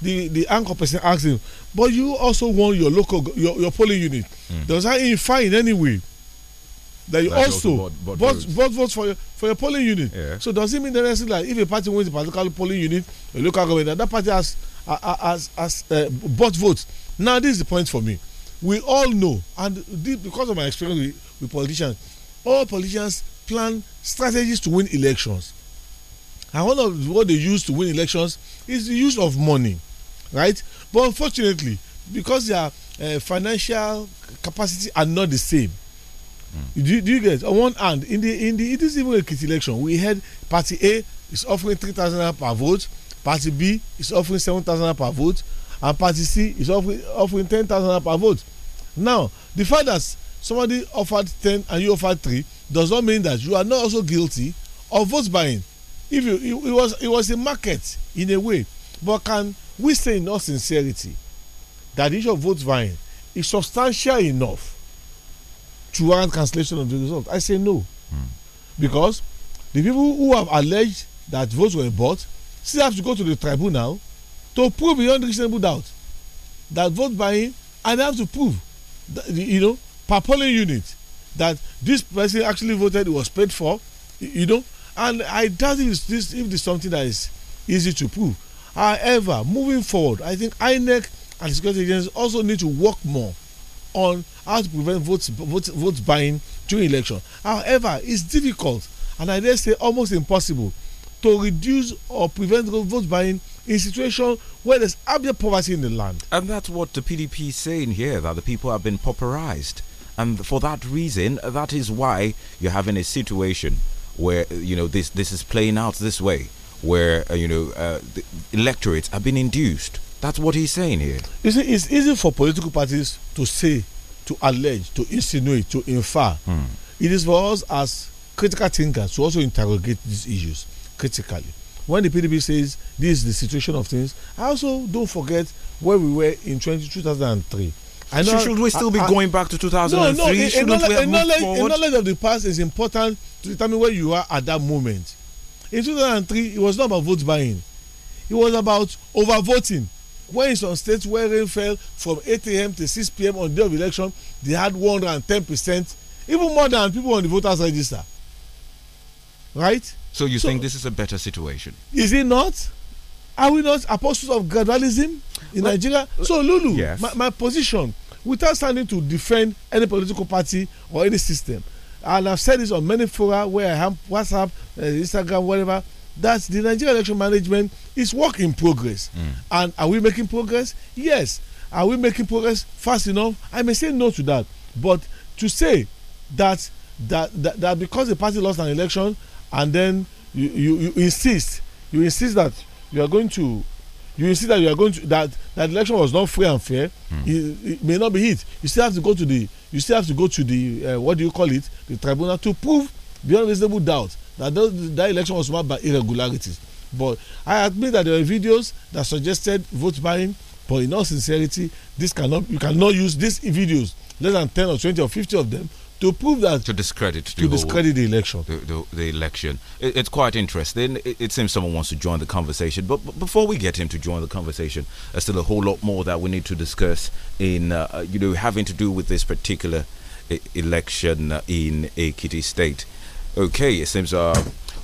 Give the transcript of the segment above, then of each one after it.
the the anchor person asked him but you also want your local your, your polling unit mm. does that imply in any way that you also, also vote, for your for your polling unit yeah. so does it mean that like if a party wins a particular polling unit a local government that party has has has uh, votes now this is the point for me we all know and this, because of my experience with, with politicians all politicians plan strategies to win elections and one of what they use to win elections is the use of money right? But unfortunately, because their uh, financial capacity are not the same. Mm. Do, do, you get on one hand in the in the it is even a kit election we had party A is offering three thousand naira per vote party B is offering seven thousand naira per vote and party C is offering offering ten thousand naira per vote now the fact that somebody offered ten and you offered three does not mean that you are not also guilty of vote buying if you it, it was it was a market in a way but can we say in all sincerity that the issue of vote buying is substantial enough to warrant cancellation of the result i say no mm. because the people who have alleged that votes were bought still have to go to the tribunal to prove beyond reasonable doubt that vote buying and they have to prove that, you know per polling unit that this person actually voted was paid for you know and i doubt if this if something that is easy to prove However, moving forward, I think INEC and security agencies also need to work more on how to prevent votes, buying during election. However, it's difficult and I dare say almost impossible to reduce or prevent vote buying in situation where there's abject poverty in the land. And that's what the PDP is saying here, that the people have been pauperized. And for that reason, that is why you're having a situation where, you know, this, this is playing out this way where uh, you know uh, electorates have been induced. That's what he's saying here. You see, it's easy for political parties to say, to allege, to insinuate, to infer. Hmm. It is for us as critical thinkers to also interrogate these issues critically. When the PDP says this is the situation of things, I also don't forget where we were in 20, 2003. I know, should we still be I, going back to 2003? No, no, a, knowledge, of the past is important to determine where you are at that moment in 2003 it was not about vote buying it was about over voting when in some states where rain fell from 8 a.m. to 6 p.m. on the day of election they had 110 percent even more than people on the voters register right. so you so, think this is a better situation. is it not are we not apostles of gradualism in well, nigeria so uh, lulu yes. my, my position without standing to defend any political party or any system and i have said this on many fora where i have whatsapp uh, Instagram, whatever. That's the Nigerian election management is work in progress. Mm. And are we making progress? Yes. Are we making progress fast enough? I may say no to that. But to say that that that, that because the party lost an election and then you, you, you insist you insist that you are going to you insist that you are going to that that election was not free and fair mm. it, it, may not be it you still have to go to the you still have to go to the uh, what do you call it the tribunal to prove beyond reasonable doubt that those, that election was marked by irregularities but i admit that there were videos that suggested vote buying but in all sincerity this cannot you cannot use these videos less than ten or twenty or fifty of them to prove that to discredit to the discredit the election the, the, the election it, it's quite interesting it, it, seems someone wants to join the conversation but, but, before we get him to join the conversation there's still a whole lot more that we need to discuss in uh, you know having to do with this particular uh, election uh, in kitty state Okay, it seems uh,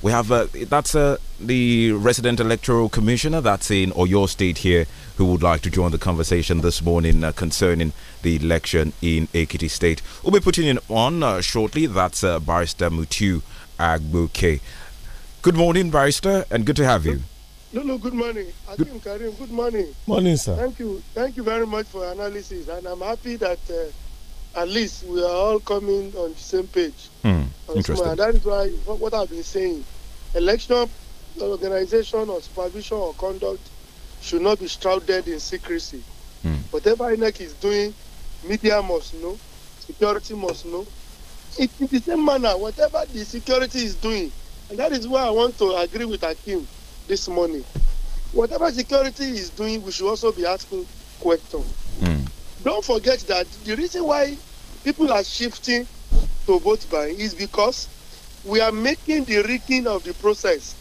we have uh, that's uh, the resident electoral commissioner that's in or your State here who would like to join the conversation this morning uh, concerning the election in Ekiti State. We'll be putting in on uh, shortly. That's uh, Barrister Mutu Agbuke. Good morning, Barrister, and good to have you. No, no, good morning. think Karim, good morning. Morning, sir. Thank you. Thank you very much for analysis, and I'm happy that uh, at least we are all coming on the same page. Hmm, interesting. And that is why what I've been saying, election organization or supervision or conduct should not be shrouded in secrecy. Hmm. Whatever INEC is doing, media must know, security must know. It, in the same manner, whatever the security is doing, and that is why I want to agree with Akim this morning. Whatever security is doing, we should also be asking questions. Mm. Don't forget that the reason why people are shifting to vote by is because we are making the rigging of the process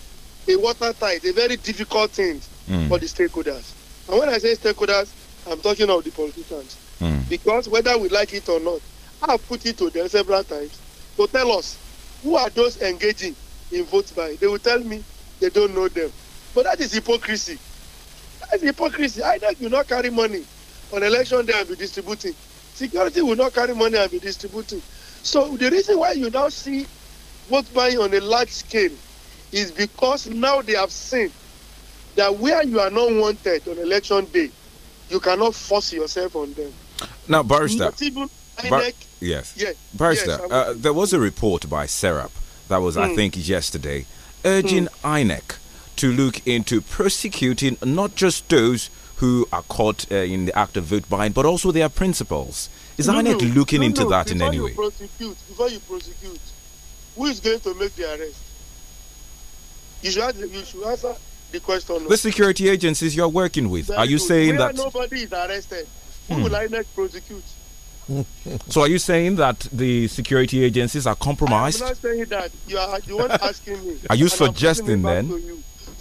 a watertight, a very difficult thing mm. for the stakeholders. And when I say stakeholders, I'm talking of the politicians. Mm. Because whether we like it or not, I've put it to them several times to tell us who are those engaging in vote by? They will tell me they don't know them. But that is hypocrisy. That is hypocrisy. Either you not carry money on election day and be distributing, Security will not carry money and be distributing. So the reason why you now see vote buying on a large scale is because now they have seen that where you are not wanted on election day, you cannot force yourself on them. Now, barrister. Bar yes. yes. Barrister, yes, uh, there was a report by Serap that was, mm. I hmm. think, yesterday urging mm. INEC to look into prosecuting not just those who are caught uh, in the act of vote buying, but also their principals. Is no, INEC no, looking no, into no, that in any way? Prosecute, before you prosecute, who is going to make the arrest? You should, answer, you should answer the question. The security agencies you're working with, are you saying that. Nobody is arrested. Hmm. Who will INEC prosecute? so are you saying that the security agencies are compromised? I'm not saying that. You are. You are asking me. Are you suggesting then?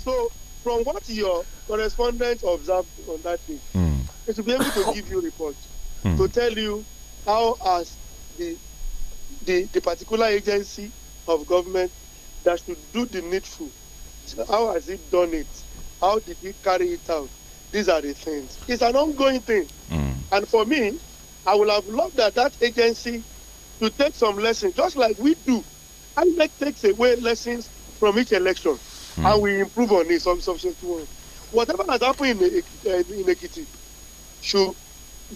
So from what your correspondent observed on that day, mm. it will be able to give you report mm. to tell you how as the, the the particular agency of government that should do the needful, how has it done it? How did it carry it out? These are the things. It's an ongoing thing. Mm. And for me, I would have loved that that agency to take some lessons, just like we do. like takes away lessons from each election mm. and we improve on it some some, one. Whatever has happened in eh, in Ekiti should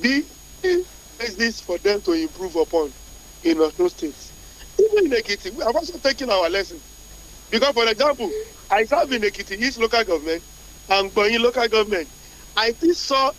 be eh, basis for them to improve upon in Osun State. Even in Ekiti, we have also taken our lesson. Because, for example, I serve in Ekiti East local government and Gboyin local government. I still saw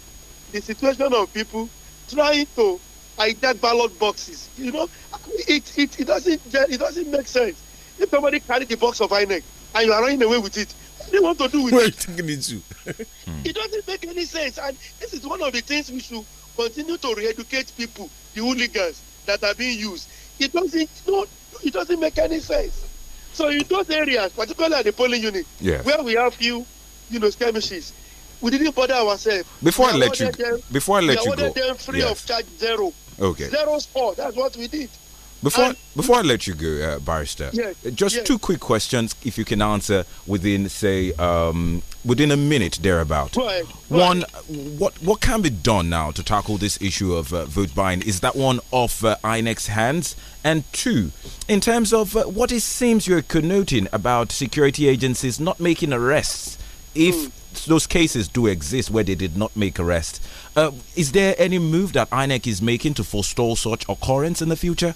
the situation of people trying to identify ballot boxes. You know, it, it, it, doesn't, it doesn't make sense. If somebody carried the box of INEC and you are running away with it. What do you want to do with Where it? Where are you taking it hmm. it doesn't make any sense. And this is one of the things we should continue to re-educate people, the hooligans that are being used. It doesn't no, it doesn't make any sense. So in those areas, particularly at the polling unit, yeah. where we have few, you know, skirmishes, we didn't bother ourselves. Before we I let you, them, before I let you go, them free yes. of charge zero. Okay. Zero sport. That's what we did. Before uh, before I let you go, uh, Barrister, yes, uh, just yes. two quick questions, if you can answer within say um, within a minute thereabout. Right, One, right. what what can be done now to tackle this issue of uh, vote buying? Is that one off uh, INEC's hands? And two, in terms of uh, what it seems you're connoting about security agencies not making arrests, if mm those cases do exist where they did not make arrest. Uh, is there any move that INEC is making to forestall such occurrence in the future?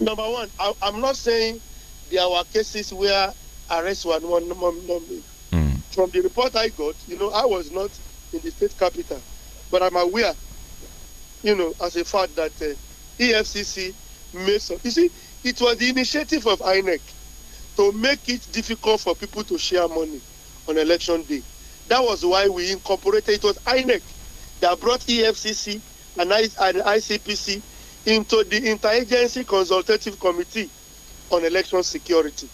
number one, I, am not saying there were cases where arrests were not made. Mm. From the report I got, you know, I was not in the state capital, but I'm aware, you know, as a fact that uh, EFCC made some. You see, it was the initiative of INEC to make it difficult for people to share money on election day. That was why we incorporated. It was INEC that brought EFCC and, I, and ICPC into the Interagency Consultative Committee on Election Security.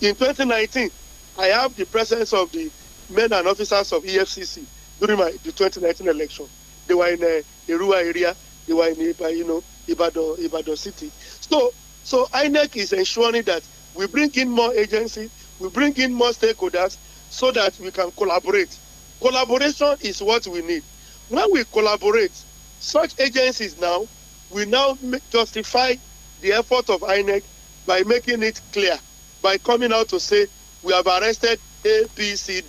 In 2019, I have the presence of the men and officers of EFCC during my, the 2019 election. They were in uh, a rural area, they were in you know, Ibadan, Ibadan city. So, so INEC is ensuring that we bring in more agencies, we bring in more stakeholders so that we can collaborate. Collaboration is what we need. When we collaborate, such agencies now we now justify the effort of INEC by making it clear, by coming out to say we have arrested APC,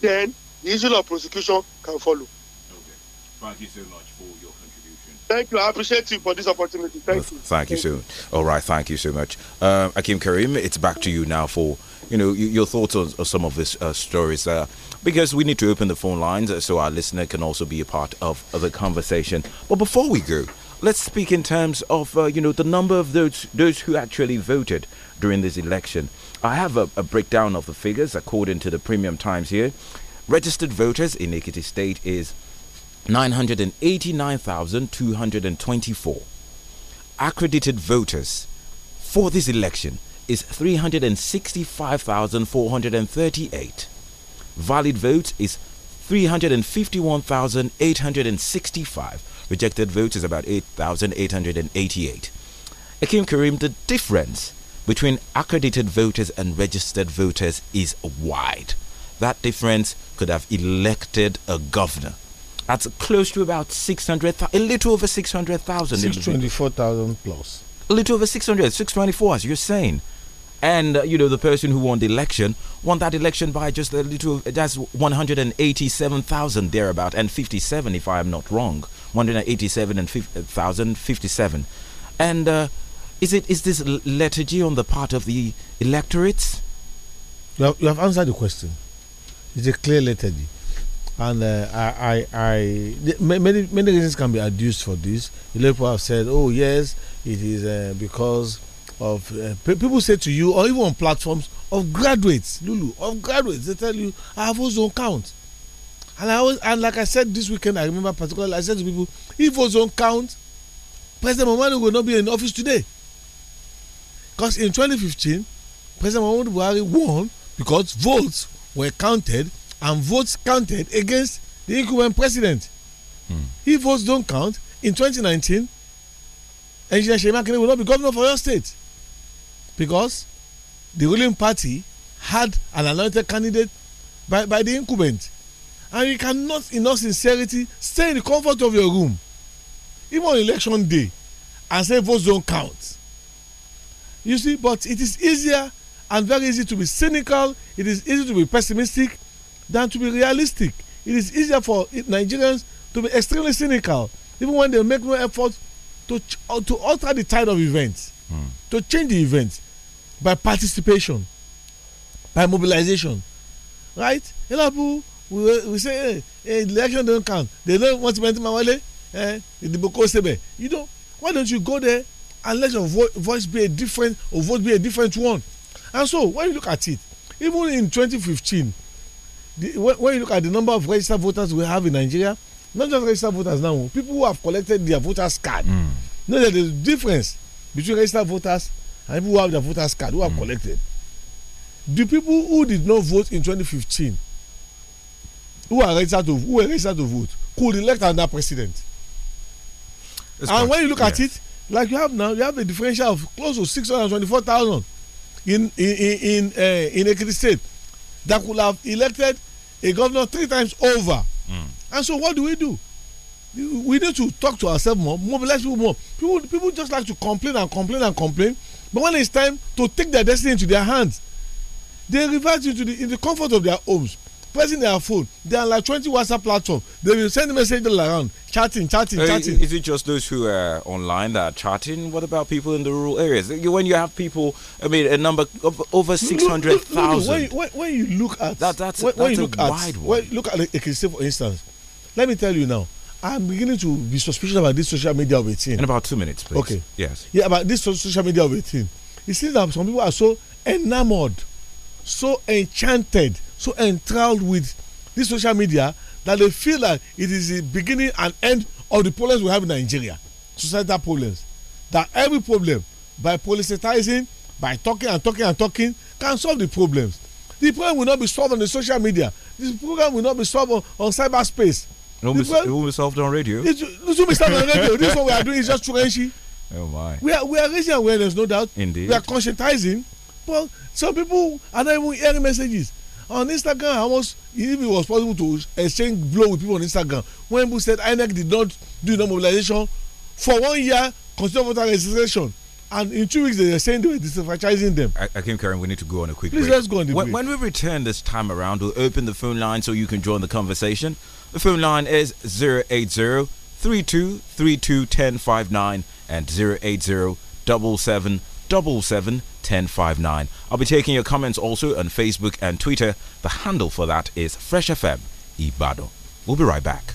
then the issue of prosecution can follow. Okay. Thank you so much for your contribution. Thank you. I appreciate you for this opportunity. Thank well, you. Thank you so All right. Thank you so much. Um, Akim Karim, it's back to you now for you know your thoughts on, on some of these uh, stories uh, because we need to open the phone lines uh, so our listener can also be a part of the conversation but before we go let's speak in terms of uh, you know the number of those those who actually voted during this election. I have a, a breakdown of the figures according to the Premium Times here. Registered voters in Ekiti State is 989,224. Accredited voters for this election is 365,438. Valid votes is 351,865 Rejected votes is about 8,888. Akim Karim, the difference between accredited voters and registered voters is wide. That difference could have elected a governor. That's close to about 600,000, a little over 600,000. 624,000 plus. A little over 600, 624, as you're saying. And, uh, you know, the person who won the election won that election by just a little, that's 187,000 thereabout, and 57, if I am not wrong. 187 and 1057. Uh, and uh, is it is this lethargy on the part of the electorates? You have, you have answered the question. It's a clear lethargy, and uh, I, I, I many many reasons can be adduced for this. A lot of people have said, "Oh yes, it is uh, because." of uh, people say to you or even on platforms of graduates lulu of graduates they tell you i have ozone count and I was, and like I said this weekend, I remember particularly, I said to people, if ozone count, President Muhammadu will not be in office today. Because in 2015, President Muhammadu Buhari won because votes were counted and votes counted against the incumbent president. Mm. If votes don't count, in 2019, Engineer Shemakine will not be governor for your state because the ruling party had an anointed candidate by, by the incumbent and you cannot in all sincerity stay in the comfort of your room even on election day and say votes don't count you see but it is easier and very easy to be cynical it is easy to be pessimistic than to be realistic it is easier for nigerians to be extremely cynical even when they make no effort to uh, to alter the tide of events mm. to change the events by participation by mobilization right a lot of people we, we say hey, election don count they don't want to ma wọlé eh, ìdìbò kó sebẹ̀ you know why don't you go there and let your vo voice be a different or vote be a different one and so when you look at it even in 2015 the, when, when you look at the number of registered voters we have in Nigeria not just registered voters now people who have collected their voters card mm. know that there's a difference between registered voters and people who have their voters card who have mm. collected the people who did not vote in 2015 who are registered to who are registered to vote could elect another president. It's and when you look yes. at it, like you have now, you have a differential of close to six hundred twenty-four thousand in in in uh, in Ekiti State that could have elected a governor three times over. Mm. And so, what do we do? We need to talk to ourselves more, mobilize people more. People people just like to complain and complain and complain, but when it's time to take their destiny into their hands, they revert into the in the comfort of their homes pressing their phone they are like twenty whatsapp platform they will send message all around chatting chatting uh, chatting. is it just those who are online that are chatting what about people in the rural areas when you have people i mean a number of over six hundred thousand. when, when you look at that that's, when, that's when you look a at, wide one. look at like, for instance let me tell you now I'm beginning to be suspicious about this social media of In about two minutes, please. Okay. Yes. Yeah, about this social media of It seems that some people are so enamored, so enchanted so enthralled with this social media that they feel like it is the beginning and end of the problems we have in Nigeria, societal problems. That every problem, by politicizing, by talking and talking and talking, can solve the problems. The problem will not be solved on the social media. The problem will not be solved on, on cyberspace. It will be, problem, it will be, solved on radio. It, it will be solved on radio. This one we are doing is just truancy. Oh my. We are we are raising awareness, no doubt. Indeed. We are conscientizing, but some people are not even hearing messages on Instagram. Almost if it was possible to exchange blow with people on Instagram. When people said INEC did not do the mobilization for one year, consider voter registration. And in two weeks, they were saying they were disenfranchising them. I, I think, Karen, we need to go on a quick Please break. let's go on the when, break. When we return this time around, we'll open the phone line so you can join the conversation. The phone line is 080 3232 and 080 1059. I'll be taking your comments also on Facebook and Twitter. The handle for that is Fresh FM Ibado. We'll be right back.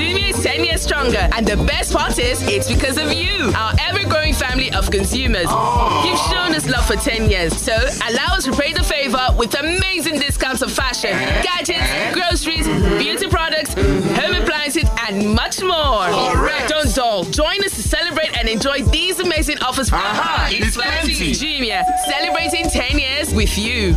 is 10 years stronger. And the best part is, it's because of you, our ever growing family of consumers. Oh. You've shown us love for 10 years. So allow us to pay the favor with amazing discounts of fashion, gadgets, groceries, beauty products, home appliances, and much more. Correct. Don't dull. Join us to celebrate and enjoy these amazing offers. Ah, Aha, it's plenty. Jumia, celebrating 10 years with you.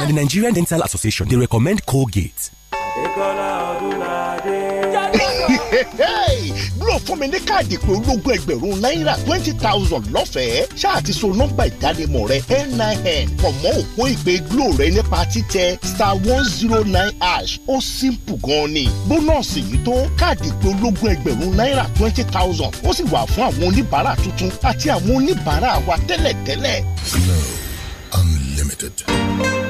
Now, the Nigerian Dental Association, they recommend Colgate. Glo fún mi ní káàdì pé ológun ẹgbẹ̀rún náírà twenty thousand lọ́fẹ̀ẹ́ ṣáà ti so nọ́mbà ìdánimọ̀ rẹ NIN pọ̀ mọ́ òpó ìpè Glo rẹ nípa títẹ star one zero nine hash ó simple gan-an ni bónọ́ọ̀sì yìí tó káàdì pé ológun ẹgbẹ̀rún náírà twenty thousand ó sì wà fún àwọn oníbàárà tuntun àti àwọn oníbàárà wa tẹ́lẹ̀tẹ́lẹ̀. Glo Unlimited.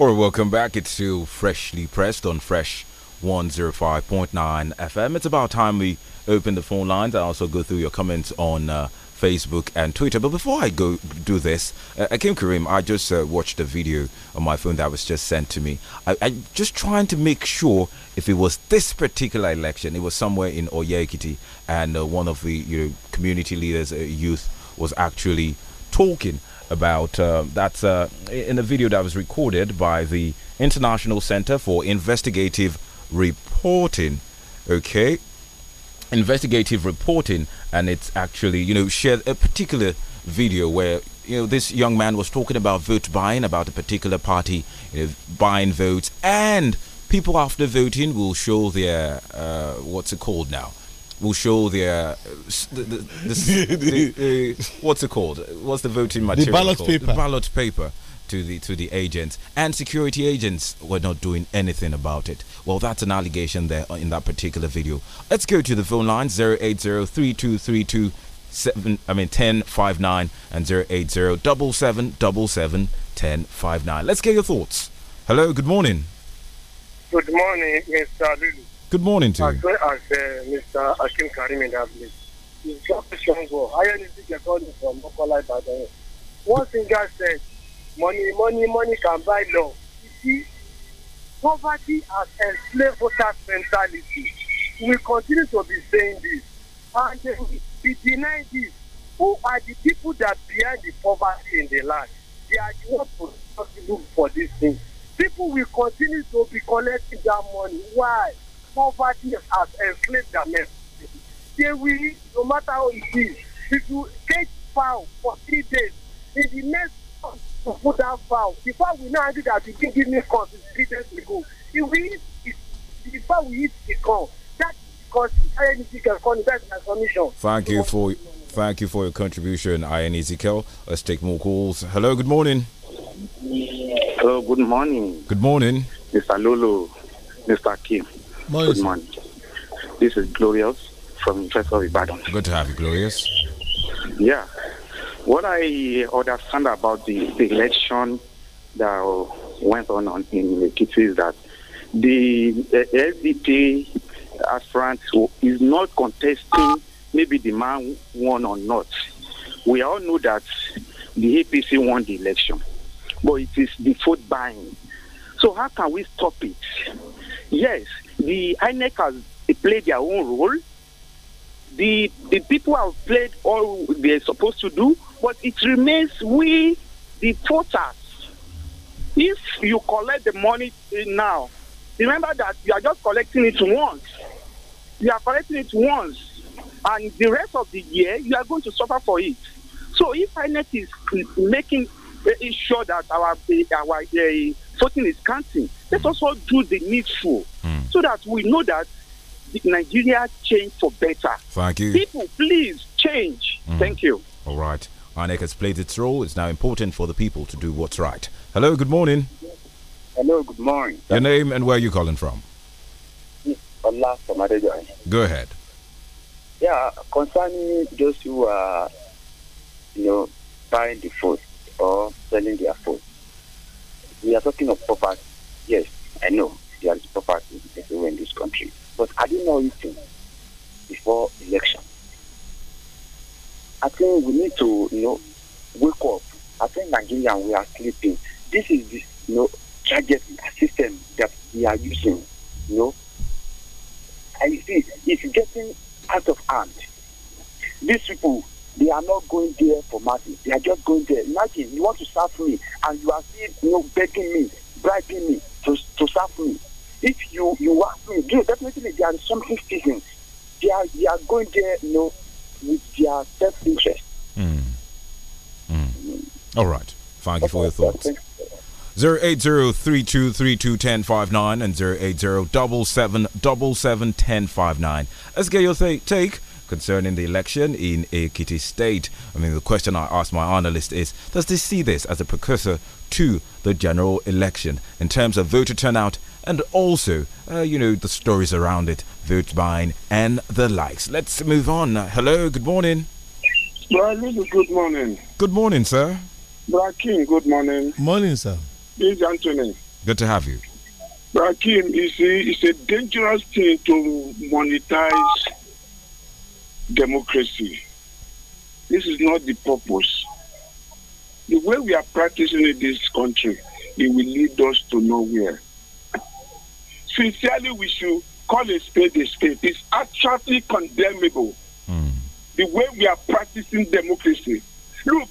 All right, welcome back. It's still freshly pressed on Fresh 105.9 FM. It's about time we open the phone lines. I also go through your comments on uh, Facebook and Twitter. But before I go do this, uh, Akim Karim, I just uh, watched a video on my phone that was just sent to me. I, I just trying to make sure if it was this particular election, it was somewhere in Oyekiti, and uh, one of the you know, community leaders, uh, youth, was actually talking about uh, that's uh, in a video that was recorded by the International Center for Investigative Reporting. Okay, investigative reporting, and it's actually you know shared a particular video where you know this young man was talking about vote buying, about a particular party you know, buying votes, and people after voting will show their uh, what's it called now will show their uh, the, the, the, what's it called? What's the voting material? The ballot called? paper. The ballot paper to the to the agents and security agents were not doing anything about it. Well, that's an allegation there in that particular video. Let's go to the phone line zero eight zero three two three two seven. seven I mean ten five nine and zero eight zero double seven double seven ten five nine. Let's get your thoughts. Hello, good morning. Good morning, Mr. Lulu. Good morning to you. As well as uh, Mr. Akim Karim in Ablis. His job questions were, I only think you're calling from Mokola Ibadan. Uh, one thing I said, money, money, money can buy love. You see, poverty has enslaved voters' mentality. We continue to be saying this. And uh, we deny this. Who are the people that behind the poverty in the land? They are the ones responsible for these things. People will continue to be collecting that money. Why? poverty has enslaved their men. They will, no matter how it is, if you take for three days, in the next month to put that the will not that you give me cause three days ago. If we eat, the eat the corn, because can call my submission. Thank you for thank you for your contribution, Ian Ezekiel. Let's take more calls. Hello, good morning. Hello, good morning. Good morning. Mr. Lulu, Mr. Kim. Good morning. This is Glorious from Tresor Ibadan. Good to have you, Glorious. Yeah. What I understand about the, the election that went on, on in Ekiti is that the LDP aspirant is not contesting maybe the man won or not. We all know that the APC won the election, but it is the vote buying. So how can we stop it? Yes, the INEC has played their own role. The the people have played all they're supposed to do, but it remains we, the voters. If you collect the money now, remember that you are just collecting it once. You are collecting it once, and the rest of the year you are going to suffer for it. So if INEC is making eh, sure that our our uh, voting is counting, let us also do the needful. Mm so that we know that Nigeria changed for better. Thank you. People, please change. Mm. Thank you. All right. INEC has played its role. It's now important for the people to do what's right. Hello, good morning. Hello, good morning. Your name and where are you calling from? Allah from Go ahead. Yeah, concerning those who are, you know, buying the food or selling their food, we are talking of property. Yes, I know there is property everywhere in this country. But I didn't know anything before election. I think we need to, you know, wake up. I think Nigeria, we are sleeping. This is this, you know, target system that we are using. You know, and you see, it's getting out of hand. These people, they are not going there for money. They are just going there. Imagine you want to serve me, and you are still, you know, begging me, bribing me to to serve me if you you are you definitely there is something speaking. They are they are going there, you know, with their self interest. Mm. Mm. All right. Thank you for your thoughts. 08032321059 and zero double seven let Let's get your take concerning the election in Ekiti State. I mean, the question I asked my analyst is Does this see this as a precursor to the general election in terms of voter turnout and also, uh, you know, the stories around it, buying and the likes. Let's move on. Hello, good morning. Well, good morning. Good morning, sir. Black King, good morning. Morning, sir. This is Anthony. Good to have you. Rakim, it's a, it's a dangerous thing to monetize democracy. This is not the purpose. The way we are practicing in this country, it will lead us to nowhere. Sincerely, we should call a spade a spade. It's actually condemnable mm. the way we are practicing democracy. Look,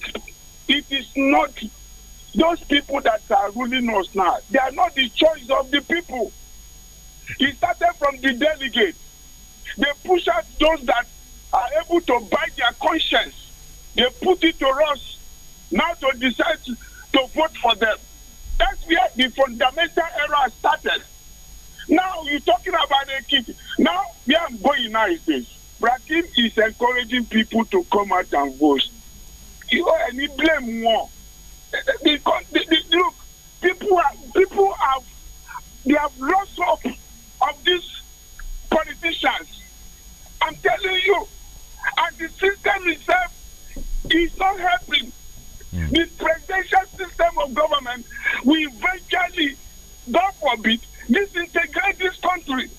it is not those people that are ruling us now, they are not the choice of the people. It started from the delegates. They push out those that are able to buy their conscience. They put it to us now to decide to vote for them. That's where the fundamental error started. Now you're talking about a kid. Now we are going now is this. Brakim is encouraging people to come out and vote. You know, and he blame more. Because look, people are, people have they have lost hope of these politicians. I'm telling you, and the system itself is not helping. Mm. The presidential system of government will eventually, God forbid, disintegrate this country.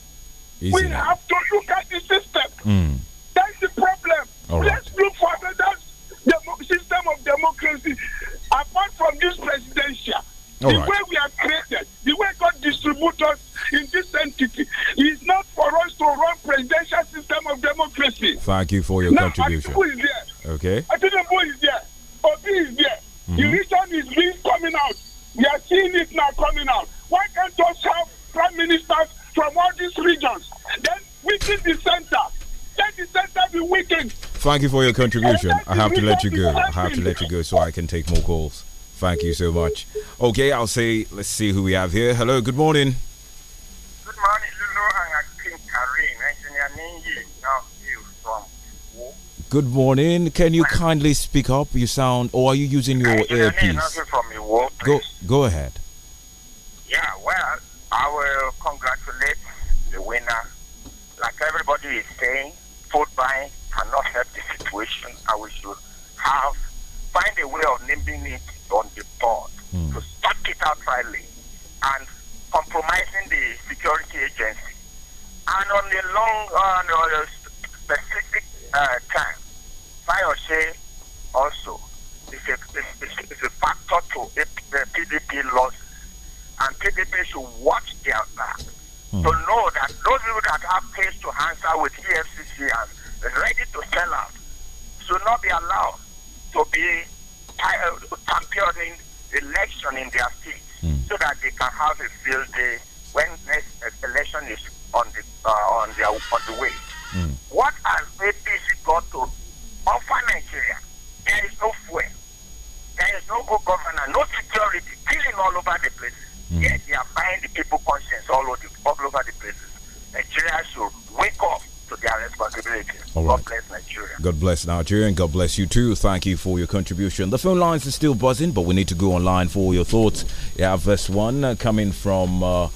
Easy. We have to look at the system. Mm. That's the problem. All Let's right. look for another system of democracy apart from this presidential. All the right. way we are created, the way God distributes us in this entity is not for us to run presidential system of democracy. Thank you for your now, contribution. Atiku there. Okay. Atiku is there. Obi is there. Mm -hmm. The reason is being coming out. We are seeing it now coming out. Why can't us have prime ministers from all these regions. Then weaken the center. Let the center be weakened. Thank you for your contribution. I have to let you go. I have to let you go so I can take more calls. Thank you so much. Okay, I'll say, let's see who we have here. Hello, good morning. Good morning, Lulu and King Karim, Engineer Ninji, from Good morning. Can you kindly speak up? You sound, or are you using your earpiece? Go, go ahead. Yeah, well, I will congratulate the winner. Like everybody is saying, food buying cannot help the situation, I we should have find a way of naming it on the board mm. to stop it outrightly and compromising the security agency. And on the long, on uh, specific uh, time, Fayoshe also is a, is, is, is a factor to it, the PDP losses and KDP should watch their back mm. to know that those people that have case to answer with EFCC and ready to sell out should not be allowed to be campaigning election in their state mm. so that they can have a field day when next election is on the uh, on their on the way. Mm. What has APC got to offer Nigeria? There is no fuel. There is no good governor, no security, killing all over the place. Mm. Yet they are buying the people conscience all over the, all over the places. Nigeria should wake up to their responsibility. All right. God bless Nigeria. God bless Nigeria and God bless you too. Thank you for your contribution. The phone lines are still buzzing, but we need to go online for your thoughts. You have one uh, coming from, uh,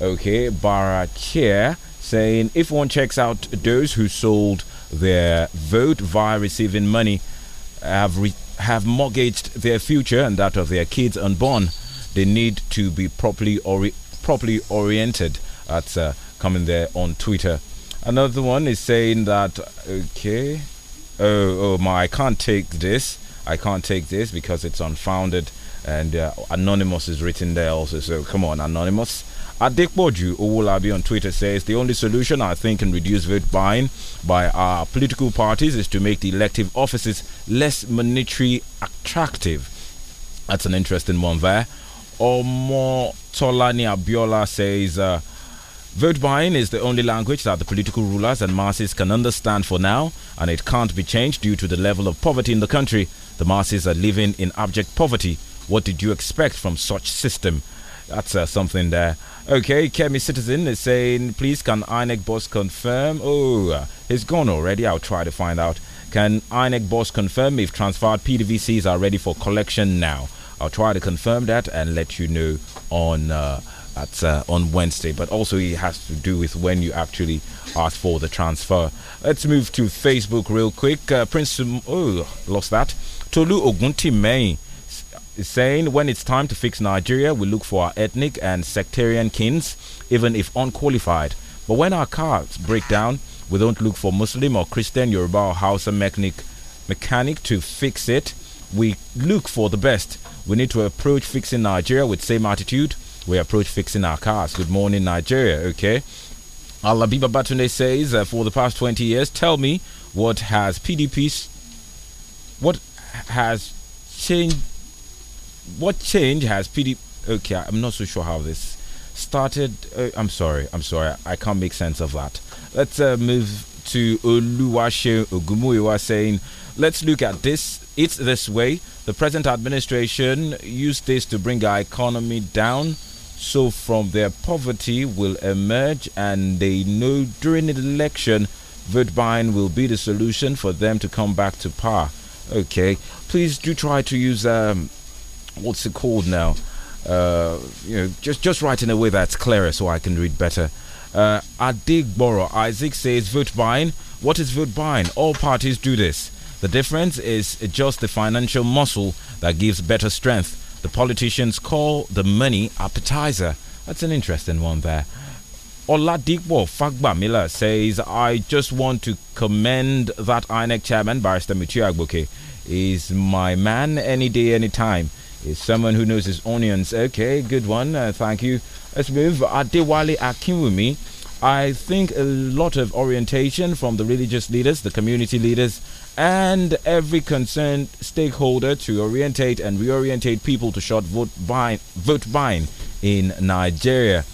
okay, Barakir saying if one checks out those who sold their vote via receiving money have have mortgaged their future and that of their kids unborn they need to be properly ori properly oriented. That's uh, coming there on Twitter. Another one is saying that okay, oh, oh my, I can't take this. I can't take this because it's unfounded. And uh, Anonymous is written there also. So come on, Anonymous. Adekboju Owolabi on Twitter says the only solution I think can reduce vote buying by our political parties is to make the elective offices less monetarily attractive. That's an interesting one there. Omo Tolani Abiola says, uh, Vote buying is the only language that the political rulers and masses can understand for now, and it can't be changed due to the level of poverty in the country. The masses are living in abject poverty. What did you expect from such system? That's uh, something there. Okay, Kemi Citizen is saying, please can INEC boss confirm? Oh, uh, he's gone already. I'll try to find out. Can INEC boss confirm if transferred PDVCs are ready for collection now? I'll try to confirm that and let you know on uh, at uh, on Wednesday. But also, it has to do with when you actually ask for the transfer. Let's move to Facebook real quick. Uh, Prince, oh, lost that. Tolu May is saying when it's time to fix Nigeria, we look for our ethnic and sectarian kins, even if unqualified. But when our cars break down, we don't look for Muslim or Christian, Yoruba or Hausa mechanic, mechanic to fix it. We look for the best. We need to approach fixing Nigeria with same attitude we approach fixing our cars. Good morning, Nigeria. Okay. Alabiba Batunde says, uh, for the past 20 years, tell me what has PDP's, what has changed, what change has PDP? okay, I'm not so sure how this started. Uh, I'm sorry, I'm sorry, I can't make sense of that. Let's uh, move to Oluwase Ogumuyiwa saying, let's look at this. It's this way. The present administration used this to bring our economy down. So from their poverty will emerge and they know during the election vote buying will be the solution for them to come back to power. Okay. Please do try to use um what's it called now? Uh, you know, just just write in a way that's clearer so I can read better. Uh, Adigboro Isaac says vote buying. What is vote buying? All parties do this. The difference is just the financial muscle that gives better strength. The politicians call the money appetizer. That's an interesting one there. Oladipo Miller says, I just want to commend that INEC chairman, Barrister Mutia Agboke. He's my man any day, any time. He's someone who knows his onions. Okay, good one. Uh, thank you. Let's move. Adewale Akinwumi. I think a lot of orientation from the religious leaders, the community leaders, and every concerned stakeholder to orientate and reorientate people to short vote buying, vote buying in Nigeria.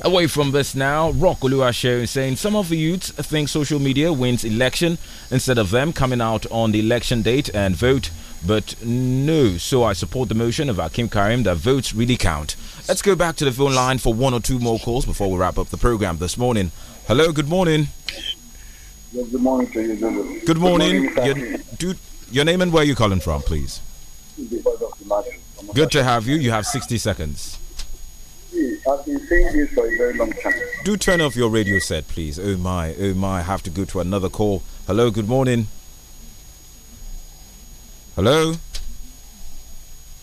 Away from this now, Rock Oluwashe is saying some of the youths think social media wins election instead of them coming out on the election date and vote. But no, so I support the motion of Akim Karim that votes really count. Let's go back to the phone line for one or two more calls before we wrap up the program this morning. Hello, good morning good morning to you, Good, good morning. morning your, your name and where you calling from, please. Good to have you. You have 60 seconds. I've been saying this for a very long time. Do turn off your radio set, please. Oh my, oh my, I have to go to another call. Hello, good morning. Hello?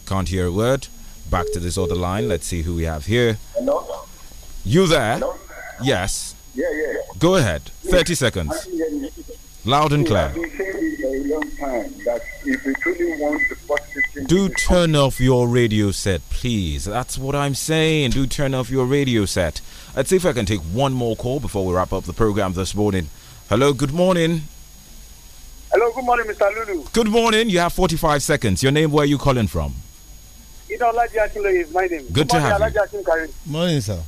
Can't hear a word. Back to this other line. Let's see who we have here. Hello? You there? Hello? Yes. Yeah, yeah. Go ahead. 30 seconds. Loud and clear. Do turn off your radio set, please. That's what I'm saying. Do turn off your radio set. Let's see if I can take one more call before we wrap up the program this morning. Hello, good morning. Hello, good morning, Mr. Lulu. Good morning. You have 45 seconds. Your name, where are you calling from? Ida Olaji is my name. Good, good to morning, have you. Morning, sir.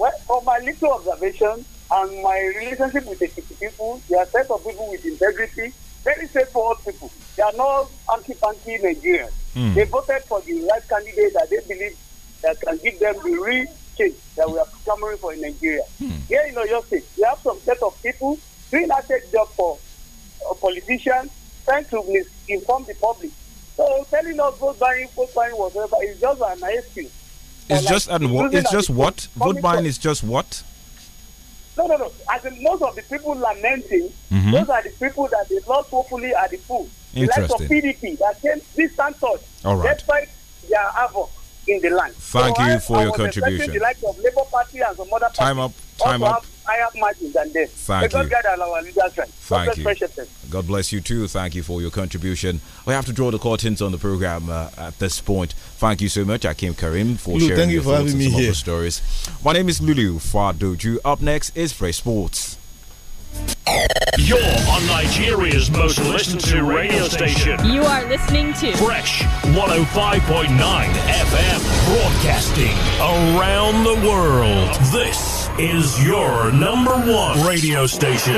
Well, from my little observation and my relationship with the people, they are set of people with integrity, very straightforward people. They are not anti-panky Nigerians. Mm. They voted for the right candidate that they believe that can give them the real change that we are clamoring for in Nigeria. Mm. Here in Oyo State, we have some set of people doing that job for uh, politicians, trying to misinform the public. So telling us vote buying, vote buying, whatever, is just an excuse it's just and what? It's just what? Vote buying is just what? No, no, no. As in, most of the people lamenting, mm -hmm. those are the people that they lost hopefully are the fools. The likes of PDP that came distant third. All right. Despite their havoc in the land. Thank so you I, for I your contribution. The of Labour Party and some other Time up. Time up higher margins than them. Thank because you. God our leadership. Thank you. God bless you too. Thank you for your contribution. We have to draw the curtains on the program uh, at this point. Thank you so much, Akim Karim, for Lou, sharing thank your you for thoughts having me some here. stories. My name is Lulu Fadoju. Up next is Fresh Sports. You're on Nigeria's most listened to radio station. You are listening to Fresh 105.9 FM broadcasting around the world. This is your number one radio station.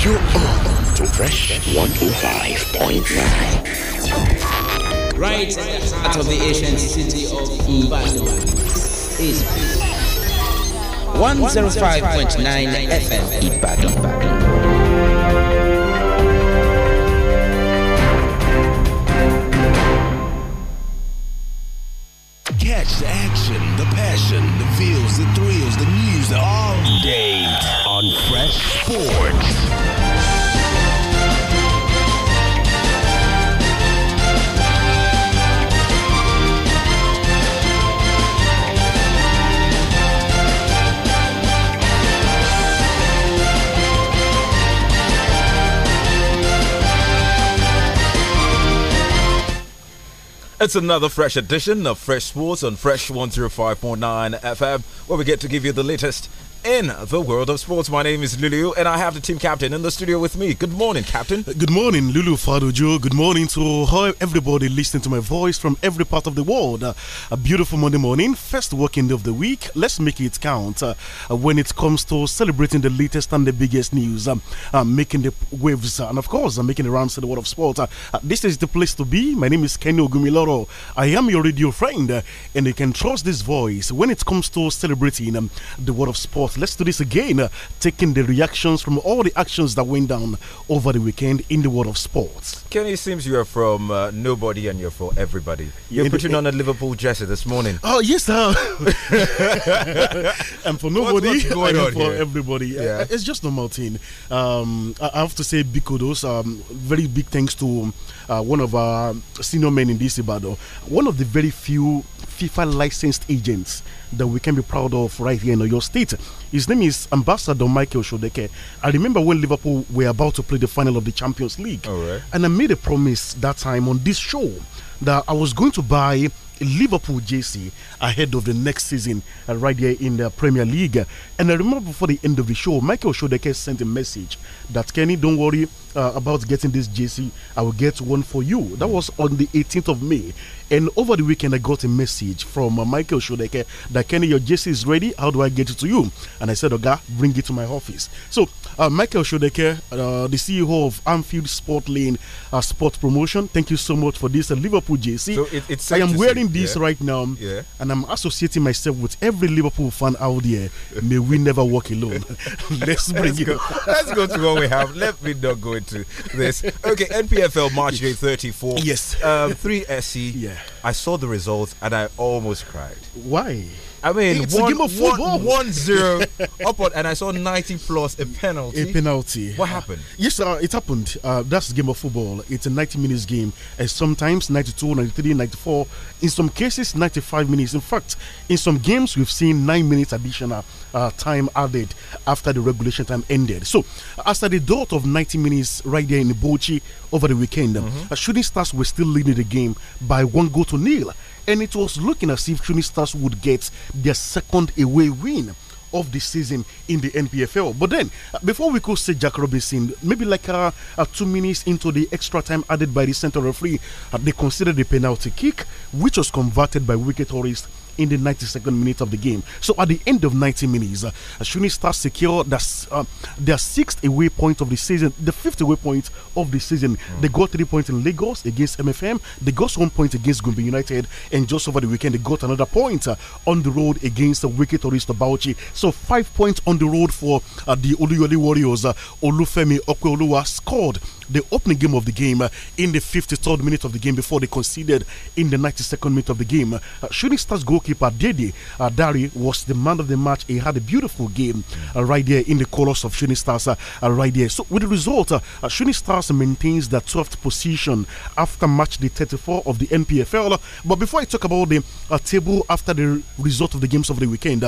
You're on to Fresh 105.9. Right out of the ancient city of Ibadan is 105.9 FM Ibadan. passion, the feels, the thrills, the news all day on Fresh Sports. It's another fresh edition of Fresh Sports on Fresh 105.9 FM, where we get to give you the latest in the world of sports. My name is Lulu, and I have the team captain in the studio with me. Good morning, captain. Uh, good morning, Lulu Fadojo. Good morning to everybody listening to my voice from every part of the world. Uh, a beautiful Monday morning, first working day of the week. Let's make it count uh, uh when it comes to celebrating the latest and the biggest news, um, uh, making the waves, uh, and of course, making the rounds in the world of sports, this is the place to be. My name is Kenny Ogumiloro. I am your radio friend, and you can trust this voice when it comes to celebrating um, the world of sports let's do this again, uh, taking the reactions from all the actions that went down over the weekend in the world of sports. Kenny, seems you are from uh, nobody and you're for everybody. You're in putting the, on a Liverpool jersey this morning. Oh, yes, sir. and for nobody, what, and for here? everybody. Uh, yeah. Uh, it's just normal thing. Um, I have to say big kudos, um, very big thanks to uh, one of our senior men in this Ibadan. One of the very few FIFA licensed agents that we can be proud of right here in your state. His name is Ambassador Michael Shodeke. I remember when Liverpool were about to play the final of the Champions League. And I made a promise that time on this show that I was going to buy Liverpool JC ahead of the next season uh, right here in the Premier League. And I remember before the end of the show, Michael Shodeke sent a message that Kenny, don't worry, uh, about getting this JC, I will get one for you. That was on the 18th of May. And over the weekend, I got a message from uh, Michael Shodeke that Kenny, your JC is ready. How do I get it to you? And I said, Oga, bring it to my office. So, uh, Michael Shodeke, uh, the CEO of Anfield Sport Lane uh, Sports Promotion, thank you so much for this uh, Liverpool JC. So it, it's I am wearing this yeah. right now, yeah. and I'm associating myself with every Liverpool fan out there. May we never walk alone. Let's bring Let's it. Go. Let's go to what we have. Let me not go to this. Okay, NPFL March Day 34. Yes. Um, 3SC. Yeah. I saw the results and I almost cried. Why? I mean, it's one, a game of football. One, one zero up on, and I saw 90 plus a penalty. A penalty. What happened? Yes, uh, it happened. Uh, that's game of football. It's a 90 minutes game. And sometimes 92, 93, 94. In some cases, 95 minutes. In fact, in some games, we've seen nine minutes additional uh, time added after the regulation time ended. So, after the dot of 90 minutes right there in Bochi over the weekend, mm -hmm. uh, Shooting Stars were still leading the game by one goal to nil and it was looking as if Trinity would get their second away win of the season in the NPFL. But then, uh, before we could say Jack Robinson, maybe like uh, uh, two minutes into the extra time added by the center referee, uh, they considered the penalty kick, which was converted by wicket tourist in the 92nd minute of the game. So at the end of 90 minutes, uh, Shooting Stars secured the, uh, their sixth away point of the season, the fifth away point of the season. Mm. They got three points in Lagos against MFM. They got one point against Gumbi United, and just over the weekend they got another point uh, on the road against the Wicked Orista Bauchi. So five points on the road for uh, the Oluyole Warriors. Uh, Olufemi Okweoluwa scored the opening game of the game uh, in the 53rd minute of the game before they conceded in the 92nd minute of the game. Uh, shooting Stars goalkeeper Dede uh, Dari was the man of the match. He had a beautiful game uh, right there in the colors of Shooting Stars uh, uh, right there. So with the result, Shooting Stars maintains the 12th position after match day 34 of the NPFL. But before I talk about the table after the result of the games of the weekend,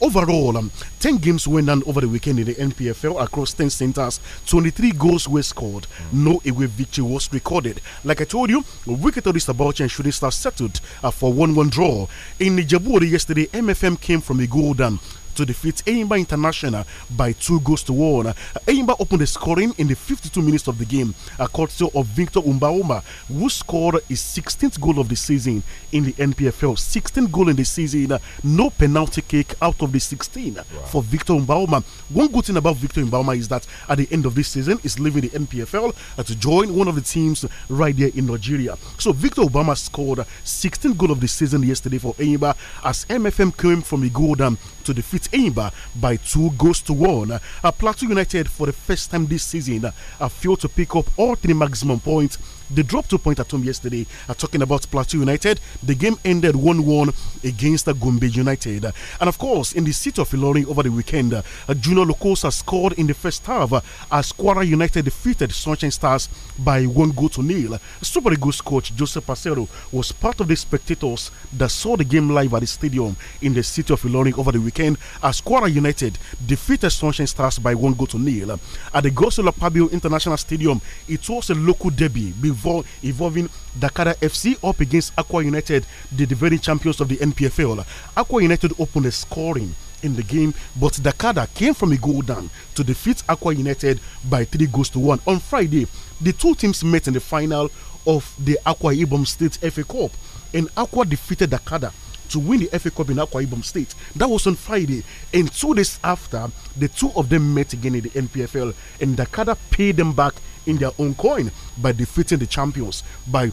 overall, um, 10 games went on over the weekend in the NPFL across 10 centers. 23 goals were scored. No away victory was recorded. Like I told you, wicket Wikitori Sabachi and Shooting Star settled uh, for 1 1 draw. In Nijaburi yesterday, MFM came from a golden to defeat Eimba International by two goals to one. Uh, Eimba opened the scoring in the 52 minutes of the game, a courtesy of Victor Umbaoma, who scored his 16th goal of the season in the NPFL. 16th goal in the season, no penalty kick out of the 16 wow. for Victor Umbaoma. One good thing about Victor Umbaoma is that at the end of this season, he's leaving the NPFL uh, to join one of the teams right there in Nigeria. So Victor Obama scored 16th goal of the season yesterday for Eimba as MFM came from the goal down to defeat Imba by two goals to one. Uh, Plateau United, for the first time this season, uh, failed to pick up all three maximum points. They dropped two points at home yesterday. Uh, talking about Plateau United, the game ended 1 1 against uh, Gombe United. Uh, and of course, in the city of Ilorin over the weekend, uh, Junior Locosa scored in the first half uh, as Quara United defeated Sunshine Stars by one goal to nil. Super Eagles coach Joseph Pacero was part of the spectators that saw the game live at the stadium in the city of Ilorin over the weekend weekend as Quora United defeated Sunshine Stars by one goal to nil. At the Gosolo Pabio International Stadium, it was a local derby involving Dakara FC up against Aqua United, the defending champions of the NPFL. Aqua United opened the scoring in the game, but Dakada came from a goal down to defeat Aqua United by three goals to one. On Friday, the two teams met in the final of the Aqua Ibom State FA Cup, and Aqua defeated Dakada to win the FA Cup in Akwa Ibom State. That was on Friday. And two days after, the two of them met again in the NPFL, and Dakada paid them back in their own coin by defeating the champions by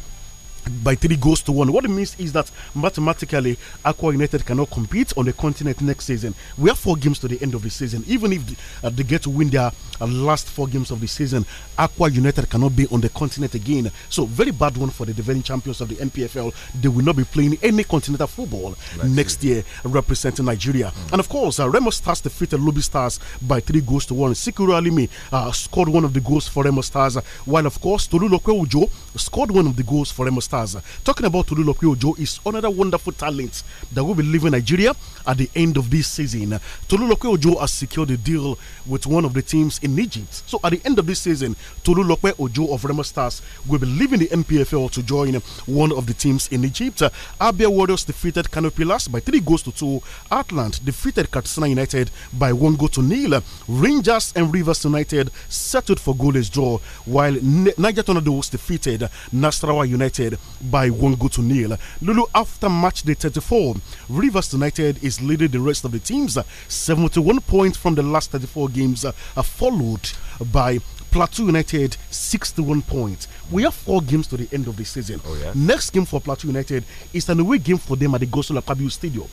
by three goals to one. What it means is that mathematically, Aqua United cannot compete on the continent next season. We have four games to the end of the season. Even if uh, they get to win their uh, last four games of the season, Aqua United cannot be on the continent again. So, very bad one for the defending champions of the NPFL. They will not be playing any continental football next year, representing Nigeria. Mm. And of course, uh, Remo Stars defeated Lobby Stars by three goals to one. Sikuru Alimi uh, scored one of the goals for Remo Stars, uh, while of course Tolu Lokwe Ujo scored one of the goals for Remo Stars. Stars. Talking about Tolulope Ojo is another wonderful talent that will be leaving Nigeria at the end of this season. Tolulope Ojo has secured a deal with one of the teams in Egypt. So at the end of this season, Tolulope Ojo of Remo Stars will be leaving the MPFL to join one of the teams in Egypt. Abia Warriors defeated Canopilas by three goals to two. Atlant defeated Katsina United by one goal to nil. Rangers and Rivers United settled for goalless draw, while Niger Tornadoes defeated Nasrawa United by one goal to nil. Lulu, after match day 34, Rivers United is leading the rest of the teams. 71 points from the last 34 games are uh, followed by Plateau United 61 points. We have four games to the end of the season. Oh, yeah? Next game for Plateau United is an away game for them at the Gosola Pabio Stadium.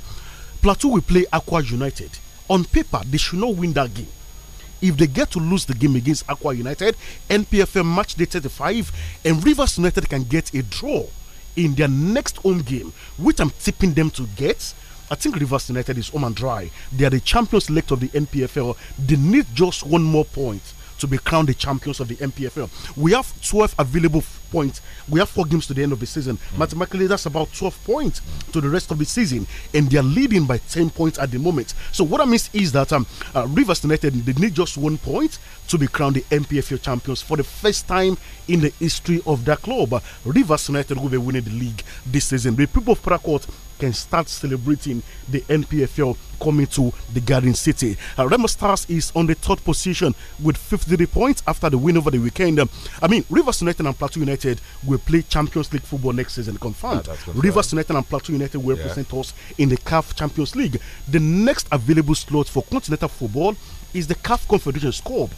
Plateau will play Aqua United. On paper, they should not win that game if they get to lose the game against Aqua United, NPFL match day 35, and Rivers United can get a draw in their next home game, which I'm tipping them to get. I think Rivers United is home and dry. They are the champions elect of the NPFL. They need just one more point to be crowned the champions of the MPFL. We have 12 available points. We have four games to the end of the season. Mm. Mathematically, that's about 12 points to the rest of the season, and they are leading by 10 points at the moment. So what I mean is that um, uh, Rivers United they need just one point to be crowned the MPFL champions for the first time in the history of that club. Uh, Rivers United will be winning the league this season. The people of Paracourt can start celebrating the NPFL coming to the Garden City. Uh, Remo Stars is on the third position with 53 points after the win over the weekend. Um, I mean, Rivers United and Plateau United will play Champions League football next season, confirmed. Ah, confirmed. Rivers United and Plateau United will yeah. represent us in the CAF Champions League. The next available slot for continental football is the CAF Confederation Cup.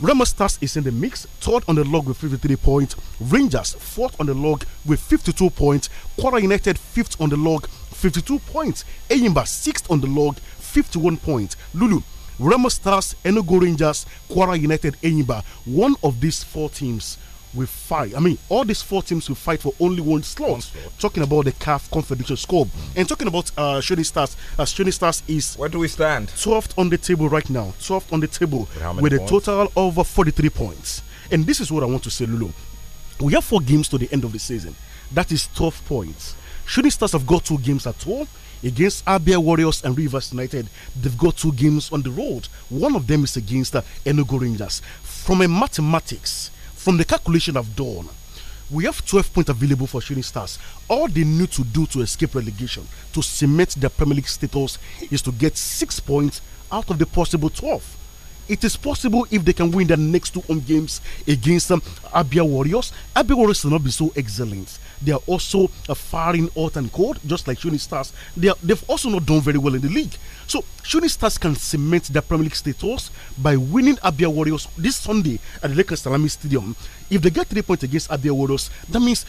Remo Stars is in the mix, third on the log with 53 points. Rangers, fourth on the log with 52 points. Quora United, fifth on the log, 52 points. Eyimba, sixth on the log, 51 points. Lulu, Remo Stars, Enugu Rangers, Quora United, Eyimba. One of these four teams will fight. I mean, all these four teams will fight for only one slot. One slot. Talking about the CAF Confederation Scope mm. and talking about uh, Shooting Stars. Uh, Shooting Stars is where do we stand? 12th on the table right now. 12th on the table with points? a total of uh, 43 points. And this is what I want to say, Lulu. We have four games to the end of the season. That is 12 points. Shooting Stars have got two games at home against Abia Warriors and Rivers United. They've got two games on the road. One of them is against uh, Enugu Rangers. From a mathematics from the calculation I've done, we have 12 points available for shooting stars. All they need to do to escape relegation, to cement their Premier League status, is to get six points out of the possible 12. It is possible if they can win their next two home games against um, Abia Warriors. Abia Warriors will not be so excellent. They are also uh, firing hot and cold, just like Shooting Stars. They are, they've also not done very well in the league. So Shooting Stars can cement their Premier League status by winning Abia Warriors this Sunday at the Lakers Salami Stadium. If they get three points against Abia Warriors, that means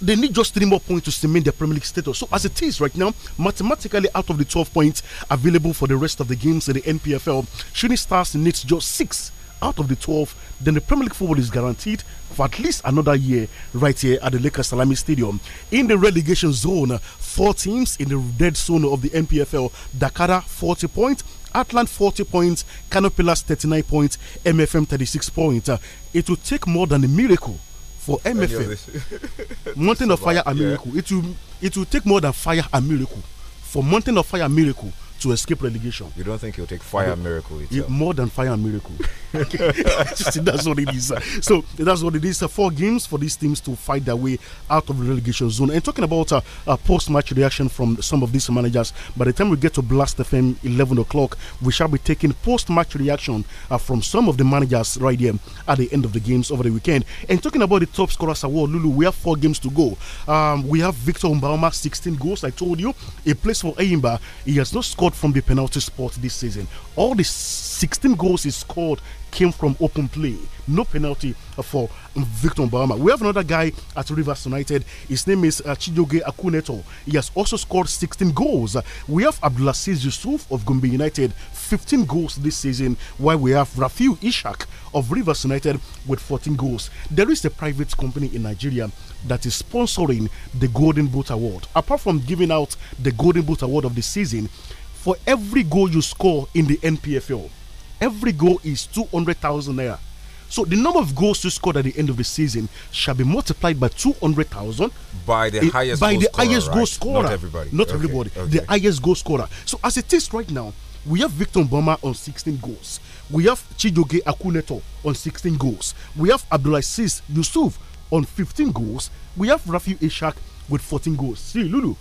they need just three more points to cement their Premier League status. So, as it is right now, mathematically out of the 12 points available for the rest of the games in the NPFL, Shooting Stars needs just six out of the 12, then the Premier League football is guaranteed for at least another year right here at the Lakers Salami Stadium. In the relegation zone, four teams in the dead zone of the MPFL Dakara 40 points. Atlant 40 points, Canopilas 39 points, MFM 36 points. Uh, it will take more than a miracle for MFM. Mountain of Fire and yeah. Miracle. It will, it will take more than Fire and Miracle. For Mountain of Fire a Miracle to escape relegation. You don't think he'll take fire miracle? More than fire miracle. that's what it is. So that's what it is. Four games for these teams to fight their way out of the relegation zone. And talking about uh, a, post-match reaction from some of these managers, by the time we get to Blast FM 11 o'clock, we shall be taking post-match reaction uh, from some of the managers right here at the end of the games over the weekend. And talking about the top scorers award, Lulu, we have four games to go. Um, we have Victor Umbauma, 16 goals. I told you, a place for Aimba. He has not scored scored from the penalty spot this season. All the 16 goals he scored came from open play. No penalty for Victor Obama. We have another guy at Rivers United. His name is uh, Chidoge Akuneto. He has also scored 16 goals. We have Abdulaziz Yusuf of Gombe United, 15 goals this season, while we have Rafiu Ishak of Rivers United with 14 goals. There is a private company in Nigeria that is sponsoring the Golden Boot Award. Apart from giving out the Golden Boot Award of the season, for every goal you score in the NPFL, every goal is 200,000 naira. So the number of goals you scored at the end of the season shall be multiplied by 200,000 by the highest by goal the scorer, highest right? goal scorer. Not everybody. Not okay, everybody. Okay. The highest goal scorer. So as it is right now, we have Victor Boma on 16 goals. We have Chidoge Akuneto on 16 goals. We have Abdulaziz Yusuf on 15 goals. We have Rafi Ishak with 14 goals. See, Lulu,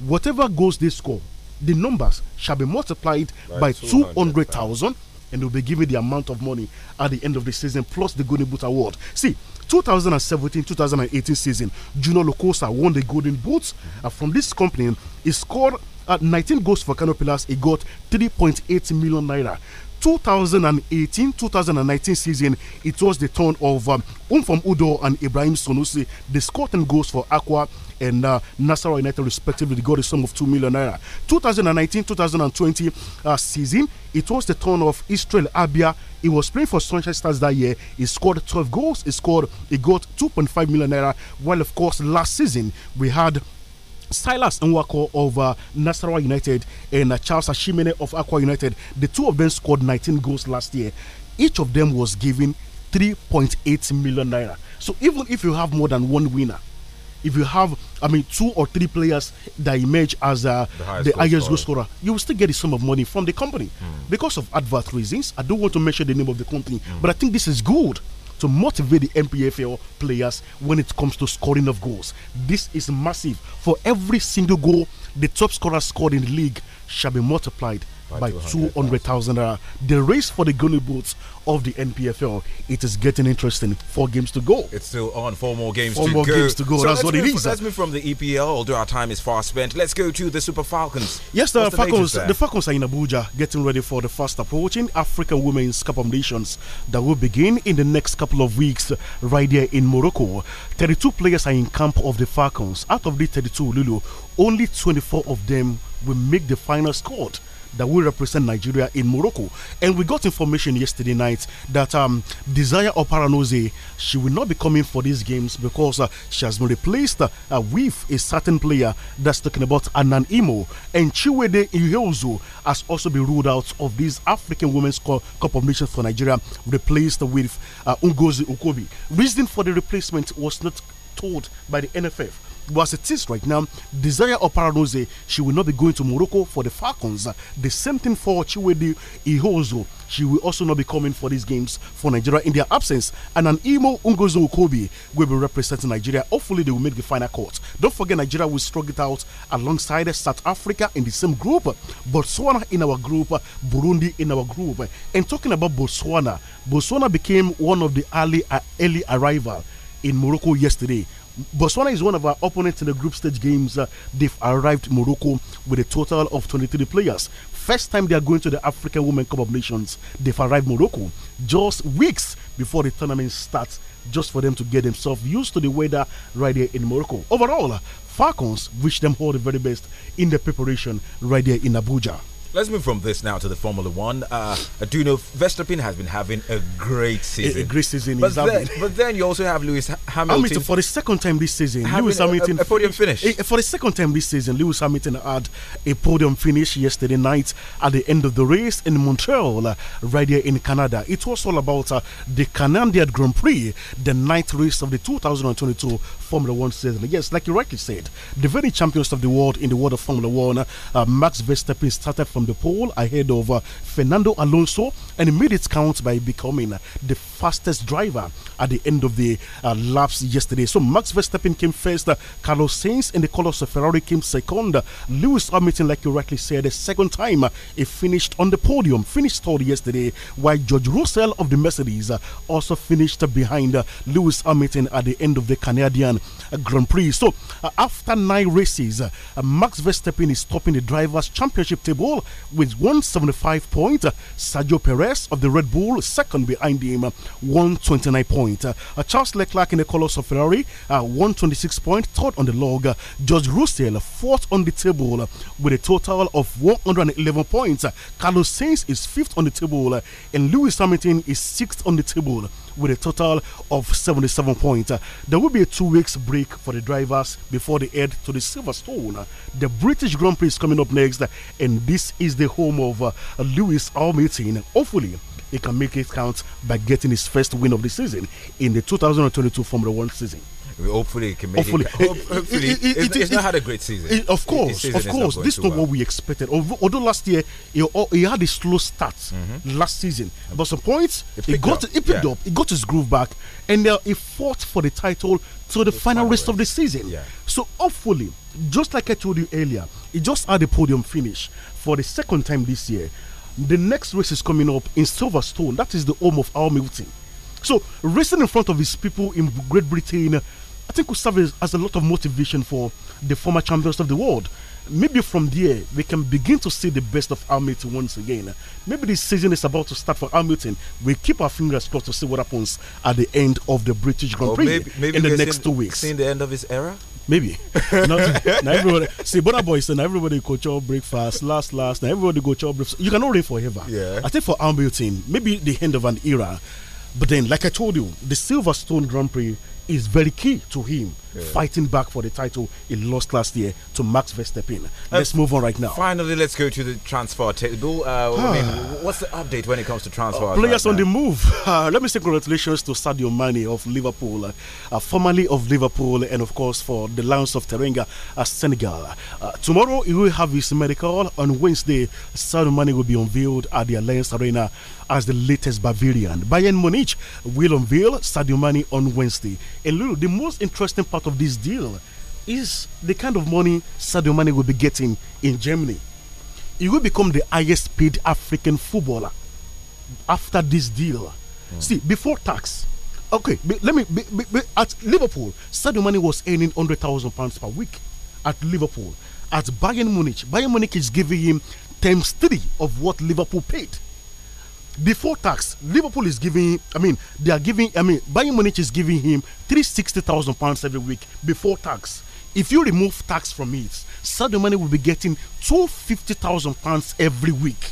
whatever goals they score, the numbers shall be multiplied by, by 200,000 and they'll be given the amount of money at the end of the season plus the Golden Boot Award. See, 2017-2018 season, Juno Locosa won the Golden Boots uh, from this company. He scored uh, 19 goals for Kano Pillars. He got 3.8 million naira. 2018-2019 season, it was the turn of um, Umfam Udo and Ibrahim Sonusi. They scored 10 goals for Aqua and uh, Nassau United, respectively. got a sum of 2 million naira. 2019 2020 uh, season, it was the turn of Israel Abia. He was playing for Sunshine Stars that year. He scored 12 goals. He scored, he got 2.5 million naira. While, of course, last season, we had Silas Nwako of uh, Nasarawa United and uh, Charles Ashimene of Aqua United. The two of them scored 19 goals last year. Each of them was given 3.8 million naira. So even if you have more than one winner, if you have, I mean, two or three players that emerge as uh, the highest, the goal, highest goal scorer, you will still get a sum of money from the company mm. because of advert reasons. I don't want to mention the name of the company, mm. but I think this is good to motivate the MPFL players when it comes to scoring of goals. This is massive. For every single goal the top scorer scored in the league shall be multiplied by, 200,000 The race for the goalie boots of the NPFL, it is getting interesting. Four games to go. It's still on. Four more games Four to more go. games to go. So That's what it is. Let's move from the EPL, although our time is far spent. Let's go to the Super Falcons. Yes, the Falcons. The, Falcons are in Abuja getting ready for the fast approaching African Women's Cup of Nations that will begin in the next couple of weeks right there in Morocco. 32 players are in camp of the Falcons. Out of the 32, Lulu, only 24 of them will make the final squad that will represent Nigeria in Morocco. And we got information yesterday night that um, Desire Oparanoze, she will not be coming for these games because uh, she has been replaced uh, with a certain player that's talking about Anan Imo. And Chiwede Iheozo has also been ruled out of this African Women's Cup of Nations for Nigeria, replaced with uh, Ungozi Ukobi. Reason for the replacement was not told by the NFF as it is right now, Desire Oparanose, she will not be going to Morocco for the Falcons. The same thing for Chiwedi Ihozo. She will also not be coming for these games for Nigeria in their absence. And an Imo Ungozo Okobi will be representing Nigeria. Hopefully, they will make the final court. Don't forget, Nigeria will struggle it out alongside South Africa in the same group, Botswana in our group, Burundi in our group. And talking about Botswana, Botswana became one of the early, early arrival in Morocco yesterday Botswana is one of our opponents in the group stage games. Uh, they've arrived Morocco with a total of 23 players. First time they are going to the African Women Cup of Nations. They've arrived Morocco just weeks before the tournament starts, just for them to get themselves used to the weather right here in Morocco. Overall, uh, Falcons wish them all the very best in the preparation right here in Abuja. Let's move from this now to the Formula One. Uh, I do know Verstappen has been having a great season. A, a great season, but then, but then, you also have Lewis Hamilton. Hamilton for the second time this season. Lewis Hamilton a, a podium finish for the second time this season. Lewis Hamilton had a podium finish yesterday night at the end of the race in Montreal, uh, right here in Canada. It was all about uh, the Canadian Grand Prix, the ninth race of the 2022 Formula One season. Yes, like you rightly said, the very champions of the world in the world of Formula One, uh, Max Verstappen started from on the pole ahead of uh, Fernando Alonso and made it count by becoming uh, the fastest driver at the end of the uh, laps yesterday. So Max Verstappen came first, uh, Carlos Sainz in the colours of Ferrari came second, uh, Lewis Hamilton, like you rightly said, the second time uh, he finished on the podium, finished third yesterday, while George Russell of the Mercedes also finished behind Lewis Hamilton at the end of the Canadian Grand Prix. So after nine races, Max Verstappen is topping the drivers' championship table with 175 points. Sergio Perez of the Red Bull, second behind him, 129 points. Uh, Charles Leclerc in the colours of Ferrari, uh, 126 points, third on the log. George Russell, fourth on the table, uh, with a total of 111 points. Carlos Sainz is fifth on the table, and Lewis Hamilton is sixth on the table with a total of 77 points. Uh, there will be a two weeks break for the drivers before they head to the Silverstone. Uh, the British Grand Prix is coming up next, uh, and this is the home of Lewis Hamilton. Hopefully, he can make it count by getting his first win of the season in the 2022 Formula One season. Hopefully, he can make hopefully, it. hopefully, it, it, it's, not had a great season. of course, of course, this is not well. what we expected. Although last year he had a slow start mm -hmm. last season, but some points he got up. it picked yeah. up, he got his groove back, and uh, he fought for the title to the, the final race of the season. Yeah. So hopefully, just like I told you earlier, he just had a podium finish for the second time this year. The next race is coming up in Silverstone. That is the home of our Milton. So racing in front of his people in Great Britain I think Gustavo is, has a lot of motivation for the former champions of the world. Maybe from there we can begin to see the best of Hamilton once again. Maybe this season is about to start for Hamilton. We keep our fingers crossed to see what happens at the end of the British Grand Prix maybe, maybe in the next seen, two weeks. Seeing the end of his era. Maybe. not, not everybody. See, Bonner Boys, and everybody go chop breakfast, last, last, now everybody go chop breakfast. You cannot live forever. Yeah. I think for Hamilton, maybe the end of an era. But then, like I told you, the Silverstone Grand Prix is very key to him yeah. fighting back for the title he lost last year to Max Verstappen. Uh, let's move on right now. Finally, let's go to the transfer table. Uh, I mean, ah. what's the update when it comes to transfer? Uh, players right on now? the move. Uh, let me say congratulations to Sadio Mane of Liverpool, uh, formerly of Liverpool, and of course for the Lions of Terenga at Senegal. tomorrow he will have his medical. On Wednesday, Sadio Mane will be unveiled at the Alliance Arena as the latest Bavarian. Bayern Munich will unveil Sadio Mane on Wednesday. And Lulu, the most interesting part out of this deal is the kind of money Sadio Mane will be getting in Germany. He will become the highest paid African footballer after this deal. Mm. See, before tax, okay, be, let me be, be, at Liverpool, Sadio Mane was earning 100,000 pounds per week at Liverpool. At Bayern Munich, Bayern Munich is giving him times three of what Liverpool paid before tax, Liverpool is giving. I mean, they are giving. I mean, Bayern Munich is giving him three sixty thousand pounds every week before tax. If you remove tax from it, Sadio Mane will be getting two fifty thousand pounds every week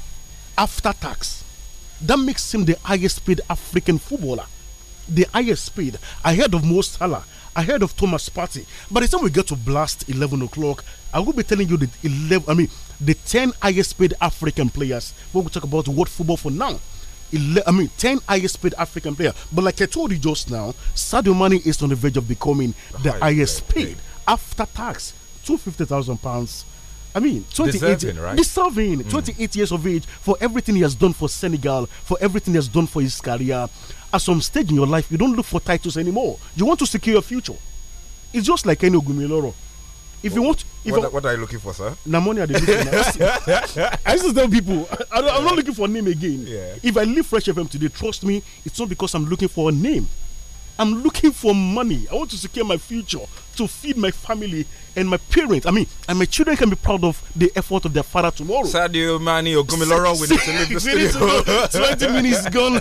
after tax. That makes him the highest paid African footballer, the highest paid ahead of Mo Salah, ahead of Thomas Partey. By the time we get to blast eleven o'clock, I will be telling you the eleven. I mean, the ten highest paid African players. But we'll talk about world football for now. 11, I mean, 10 highest paid African player. But like I told you just now, Sadio Mane is on the verge of becoming the highest paid after tax, two fifty thousand pounds. I mean, 28, deserving, right? deserving mm. 28 years of age for everything he has done for Senegal, for everything he has done for his career. At some stage in your life, you don't look for titles anymore. You want to secure your future. It's just like any Ogumiloro. If you want, if what, I, what, are you looking for, sir? Namoni are I used to tell people, I, am yeah. not looking for a name again. Yeah. If I leave Fresh FM today, trust me, it's not because I'm looking for a name. I'm looking for money. I want to secure my future to feed my family and my parents. I mean, and my children can be proud of the effort of their father tomorrow. Sadio Mani Ogumiloro, the studio. 20 minutes gone.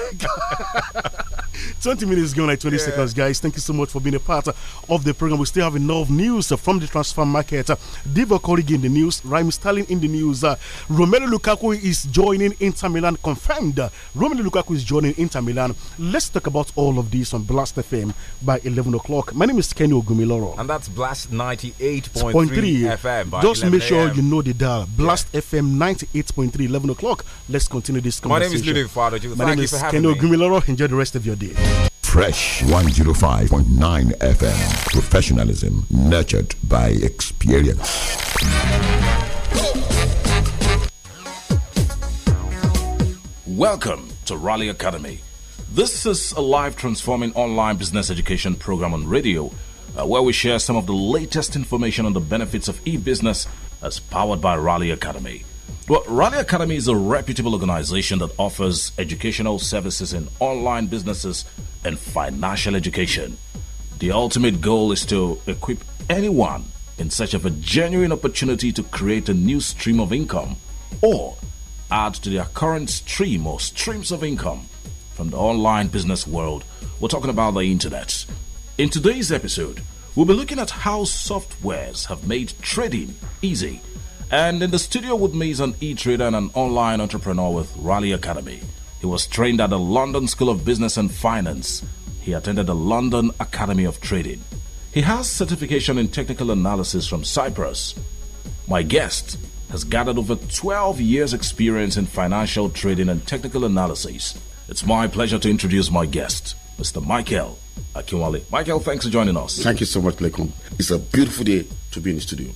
20 minutes gone, like 20 yeah. seconds, guys. Thank you so much for being a part of the program. We still have enough news from the transfer market. Divo Corrigi in the news, Raheem Sterling in the news. Uh, Romelu Lukaku is joining Inter Milan, confirmed. Romelu Lukaku is joining Inter Milan. Let's talk about all of this on Blast FM by 11 o'clock. My name is Kenny Ogumiloro. And that's Blast 98.3 FM. Just make sure you know the dial. Blast yeah. FM 98.3, 11 o'clock. Let's continue this conversation. My name is Ludwig Fadoju. My Thank name is Keno Gumiloro. Enjoy the rest of your day. Fresh 105.9 FM. Professionalism nurtured by experience. Welcome to Raleigh Academy. This is a live transforming online business education program on radio uh, where we share some of the latest information on the benefits of e business as powered by Raleigh Academy. Well, Raleigh Academy is a reputable organization that offers educational services in online businesses and financial education. The ultimate goal is to equip anyone in search of a genuine opportunity to create a new stream of income or add to their current stream or streams of income from the online business world. We're talking about the internet. In today's episode, we'll be looking at how softwares have made trading easy. And in the studio with me is an e trader and an online entrepreneur with Raleigh Academy. He was trained at the London School of Business and Finance. He attended the London Academy of Trading. He has certification in technical analysis from Cyprus. My guest has gathered over 12 years' experience in financial trading and technical analysis. It's my pleasure to introduce my guest. Mr. Michael Akinwale. Michael, thanks for joining us. Thank you so much, Lekon. It's a beautiful day to be in the studio.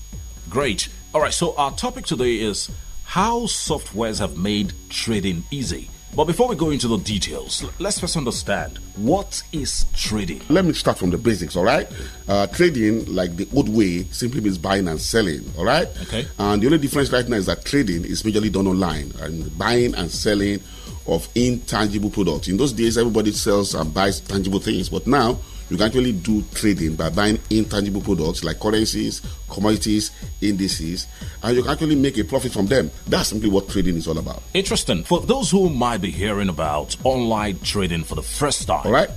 Great. All right, so our topic today is how softwares have made trading easy. But before we go into the details, let's first understand what is trading. Let me start from the basics, all right? Uh, trading, like the old way, simply means buying and selling, all right? Okay. And the only difference right now is that trading is majorly done online, and buying and selling of intangible products. In those days, everybody sells and buys tangible things, but now you can actually do trading by buying intangible products like currencies, commodities, indices, and you can actually make a profit from them. That's simply what trading is all about. Interesting. For those who might be hearing about online trading for the first time, all right.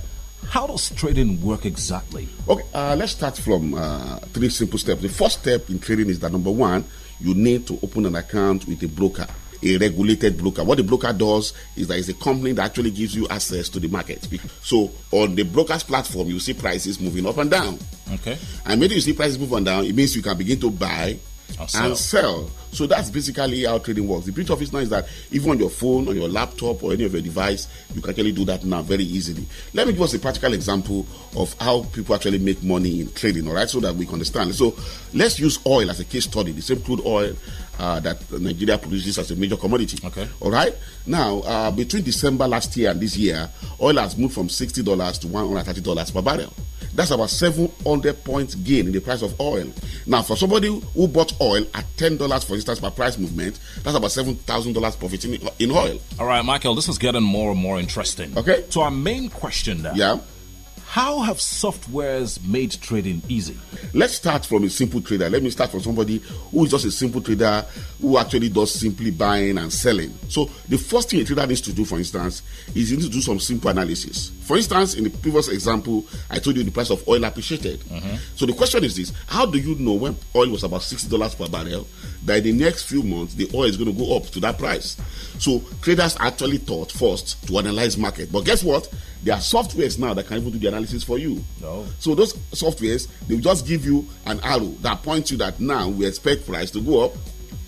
How does trading work exactly? Okay, uh, let's start from uh, three simple steps. The first step in trading is that number one, you need to open an account with a broker a regulated broker. What the broker does is that it's a company that actually gives you access to the market. So on the broker's platform, you see prices moving up and down. Okay. And when you see prices move on down, it means you can begin to buy i and sell. So that's basically how trading works. The beauty of it now is that even on your phone, on your laptop, or any of your device, you can actually do that now very easily. Let me give us a practical example of how people actually make money in trading, all right, so that we can understand. So let's use oil as a case study, the same crude oil uh, that Nigeria produces as a major commodity. Okay. All right. Now, uh, between December last year and this year, oil has moved from $60 to $130 per barrel. That's about 700 points gain in the price of oil. Now, for somebody who bought oil at $10 for instance, per price movement, that's about $7,000 profit in, in oil. All right, Michael, this is getting more and more interesting. Okay. So, our main question now. Yeah. How have softwares made trading easy? Let's start from a simple trader. Let me start from somebody who is just a simple trader who actually does simply buying and selling. So, the first thing a trader needs to do, for instance, is you need to do some simple analysis. For instance, in the previous example, I told you the price of oil appreciated. Mm -hmm. So, the question is this How do you know when oil was about $60 per barrel that in the next few months the oil is going to go up to that price. So traders actually thought first to analyze market. But guess what? There are softwares now that can even do the analysis for you. No. So those softwares they will just give you an arrow that points you that now we expect price to go up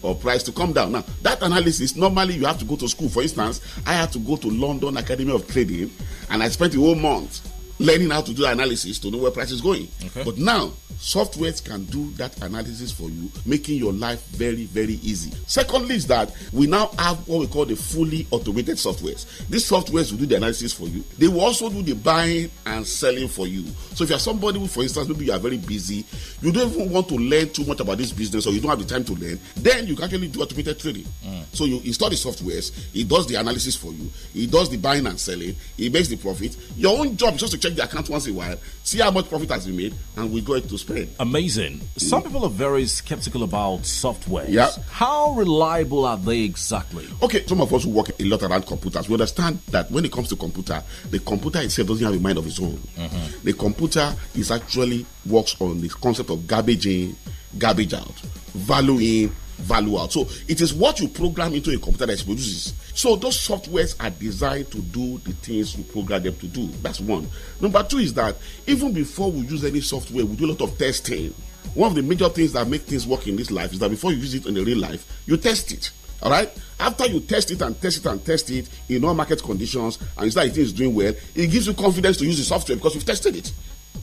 or price to come down. Now, that analysis normally you have to go to school. For instance, I had to go to London Academy of Trading and I spent the whole month learning how to do analysis to know where price is going. Okay. But now, softwares can do that analysis for you, making your life very, very easy. Secondly, is that we now have what we call the fully automated softwares. These softwares will do the analysis for you. They will also do the buying and selling for you. So if you're somebody who, for instance, maybe you are very busy, you don't even want to learn too much about this business or you don't have the time to learn, then you can actually do automated trading. Mm. So you install the softwares, it does the analysis for you, it does the buying and selling, it makes the profit. Your own job is just to check check the account once in a while, see how much profit has been made, and we go it to spend. Amazing. Some mm. people are very skeptical about software. Yeah. How reliable are they exactly? Okay, some of us who work a lot around computers, we understand that when it comes to computer, the computer itself doesn't have a mind of its own. Mm-hmm. The computer is actually works on the concept of garbage in, garbage out, value in, value out. So it is what you program into a computer that it produces so those softwares are designed to do the things we program them to do. That's one. Number two is that even before we use any software, we do a lot of testing. One of the major things that make things work in this life is that before you use it in the real life, you test it. All right. After you test it and test it and test it in all market conditions, and you start it is doing well, it gives you confidence to use the software because you've tested it.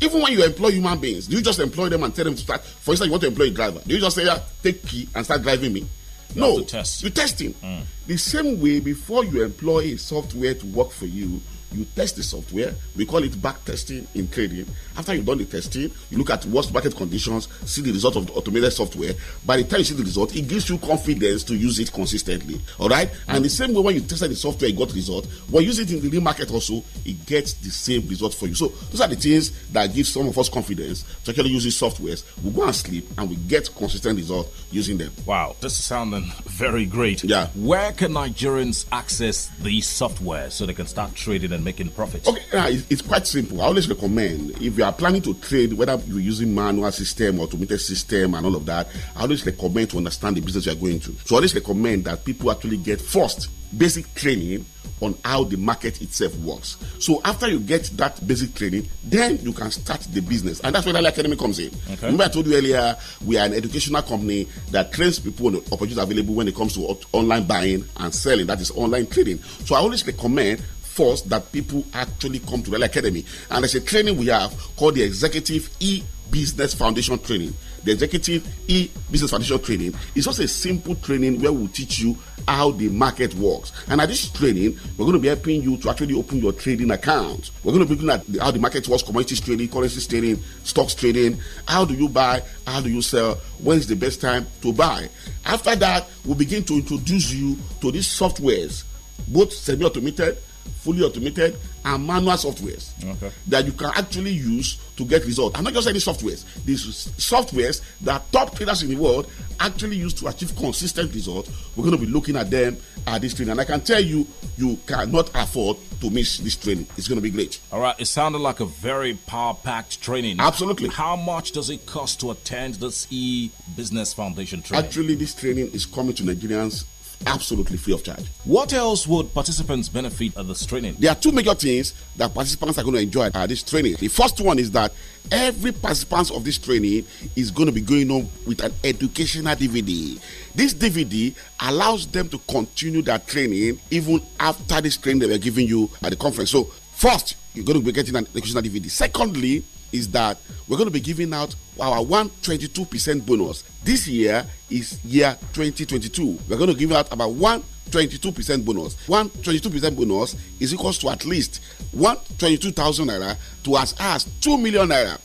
Even when you employ human beings, do you just employ them and tell them to start? For instance, you want to employ a driver. Do you just say, yeah, take key and start driving me? no, test. you test him. Mm. The same way before you employ a software to work for you, you test the software. We call it back testing in trading. After you've done the testing, you look at what's market conditions, see the result of the automated software. By the time you see the result, it gives you confidence to use it consistently. All right? And mm. the same way when you tested the software, it got result. When you use it in the real market also, it gets the same result for you. So those are the things that give some of us confidence to actually use these softwares. We go and sleep and we get consistent results using them. Wow, this is sounding very great. Yeah. Where can Nigerians access these software so they can start trading and making profits? Okay, it's, it's quite simple. I always recommend if you are planning to trade, whether you're using manual system, automated system, and all of that, I always recommend to understand the business you are going to. So I always recommend that people actually get first basic training on how the market itself works. So after you get that basic training, then you can start the business. And that's where Daily Academy comes in. Okay. Remember I told you earlier, we are an educational company that trains people on the opportunities available when it comes to online buying and selling. That is online trading. So I always recommend force that people actually come to the Academy. And there's a training we have called the Executive E Business Foundation Training. The Executive E Business Foundation Training is just a simple training where we'll teach you how the market works. And at this training, we're going to be helping you to actually open your trading account. We're going to be looking at how the market works, commodities trading, currencies trading, stocks trading. How do you buy? How do you sell? When is the best time to buy? After that, we'll begin to introduce you to these softwares, both semi automated fully automated and manual softwares okay. that you can actually use to get results. And not just any softwares, these softwares that top traders in the world actually use to achieve consistent results. We're going to be looking at them at this training. And I can tell you, you cannot afford to miss this training. It's going to be great. All right. It sounded like a very power packed training. Absolutely. How much does it cost to attend this e business foundation training? Actually, this training is coming to Nigerians absolutely free of charge. What else would participants benefit at this training? There are two major things that participants are going to enjoy at this training. The first one is that every participant of this training is going to be going on with an educational DVD. This DVD allows them to continue their training even after this training they were giving you at the conference. So, first, you're going to be getting an educational DVD. Secondly, is that we're going to be giving out our 122% bonus. This year is year 2022. We're going to give out about 122% bonus. 122% bonus is equals to at least 122,000 naira to as high as 2 million naira.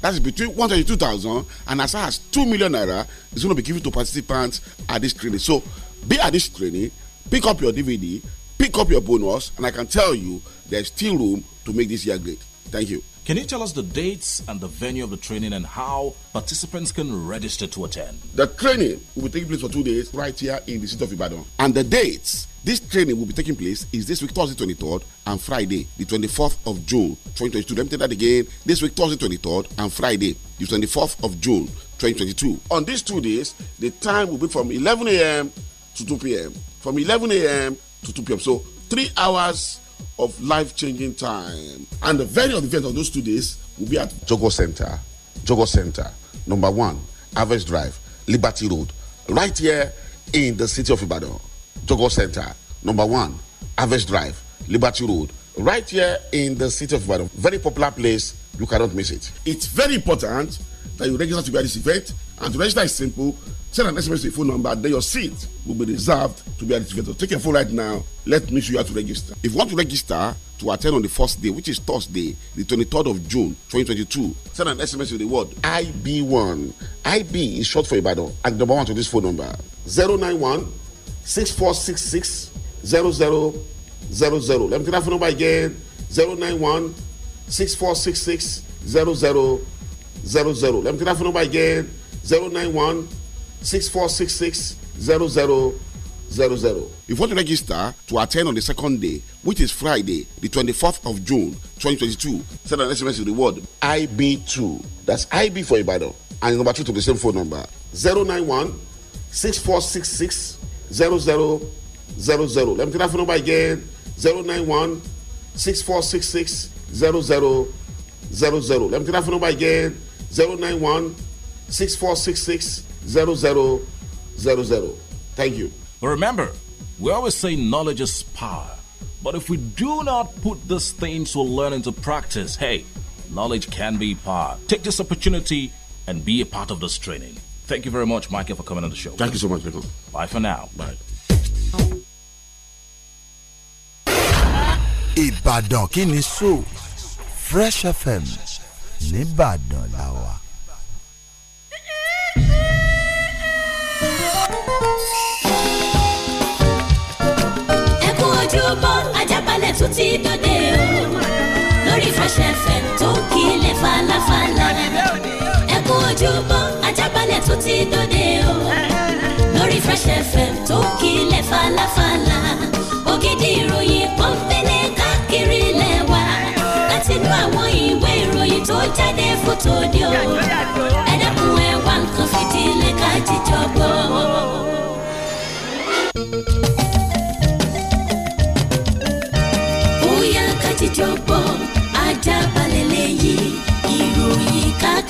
That is between 122,000 and as high as 2 million naira is going to be given to participants at this training. So be at this training, pick up your DVD, pick up your bonus, and I can tell you there's still room to make this year great. Thank you. Can you tell us the dates and the venue of the training and how participants can register to attend? The training will be taking place for two days right here in the city of Ibadan. And the dates this training will be taking place is this week Thursday 23rd and Friday the 24th of June 2022. Let me tell that again. This week Thursday 23rd and Friday the 24th of June 2022. On these two days, the time will be from 11 a.m. to 2 p.m. From 11 a.m. to 2 p.m. So three hours of life-changing time. And the very event of those two days will be at Jogo Center. Jogo Center, number one, Average Drive, Liberty Road, right here in the city of Ibadan. Jogo Center, number one, Average Drive, Liberty Road, right here in the city of Ibadan. Very popular place. You cannot miss it. It's very important that you register to be at this event. And to register is simple. Send an SMS to your phone number, then your seat will be reserved to be activated. Take your phone right now. Let me show you how to register. If you want to register to attend on the first day, which is Thursday, the twenty-third of June twenty twenty-two, send an SMS to the word IB1. IB is short for Ibadan. And number one to this phone number zero zero nine one six six six four zero zero zero. Let me take that phone number again Zero zero nine one six six six four zero zero zero. Let me take that phone number again 091 6466 0000. If you want to register to attend on the second day, which is Friday, the 24th of June 2022, send an SMS to the word IB2. That's IB for Ibadan. And number two to the same phone number 091 6466 0000. Let me take that phone number again 091 6466 0000. Let me take that phone number again 091 6466 Thank you. But remember, we always say knowledge is power. But if we do not put these things we learn into practice, hey, knowledge can be power. Take this opportunity and be a part of this training. Thank you very much, Michael, for coming on the show. Thank you so much, Michael. Bye for now. Bye. Ibadan kini so Fresh FM Nibadan lawa. gbogbo ajábalẹ̀ tún ti dòde o lórí fẹsẹ̀fẹ̀ tó kílẹ̀ falafala ẹ kú ojúbọ ajábalẹ̀ tún ti dòde o lórí fẹsẹ̀fẹ̀ tó kílẹ̀ falafala ògidì ìròyìn pọ́npẹ́lẹ́ káàkiri lẹ́wà láti inú àwọn ìwé ìròyìn tó jáde fótó di o ẹ dẹ́kun ẹ wá nǹkan fìdílé ká jíjọ gbọ́.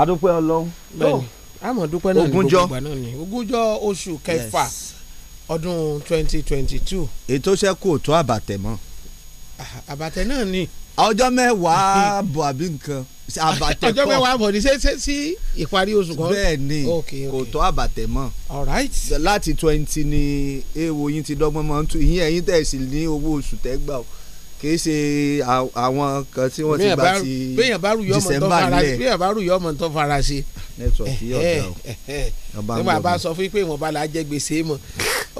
adúpẹ́ ọlọ́run. bẹ́ẹ̀ni àmọ́ oh, dúpẹ́ náà ní gbogbo ìgbà náà ni ogúnjọ́ oṣù kẹfà ọdún twenty twenty two. ètò ṣẹ́kù ò tó àbàtẹ̀ mọ́. àbàtẹ̀ náà ni. ọjọ́ mẹ́wàá bọ̀ àbí nǹkan àbàtẹ̀ kọ́ ọjọ́ mẹ́wàá bọ̀ ní ṣe sí ìparí oṣù kan. bẹ́ẹ̀ni kò tó àbàtẹ̀ mọ́. láti twenty ni èèwọ̀ yín ti dọ́gbọ́n mọ́ ìyẹn ẹ̀yin tẹ̀sí ní owó oṣù tẹ́gbà o kì í ṣe àwọn kan tí wọ́n ti gbà ti December nílẹ̀ bẹ́ẹ̀ bá rúyọ́ ọmọ tó fara ṣe. network yóò dá o. nígbà bá sọ fún pé ìwọ̀nba la jẹ gbèsè mọ̀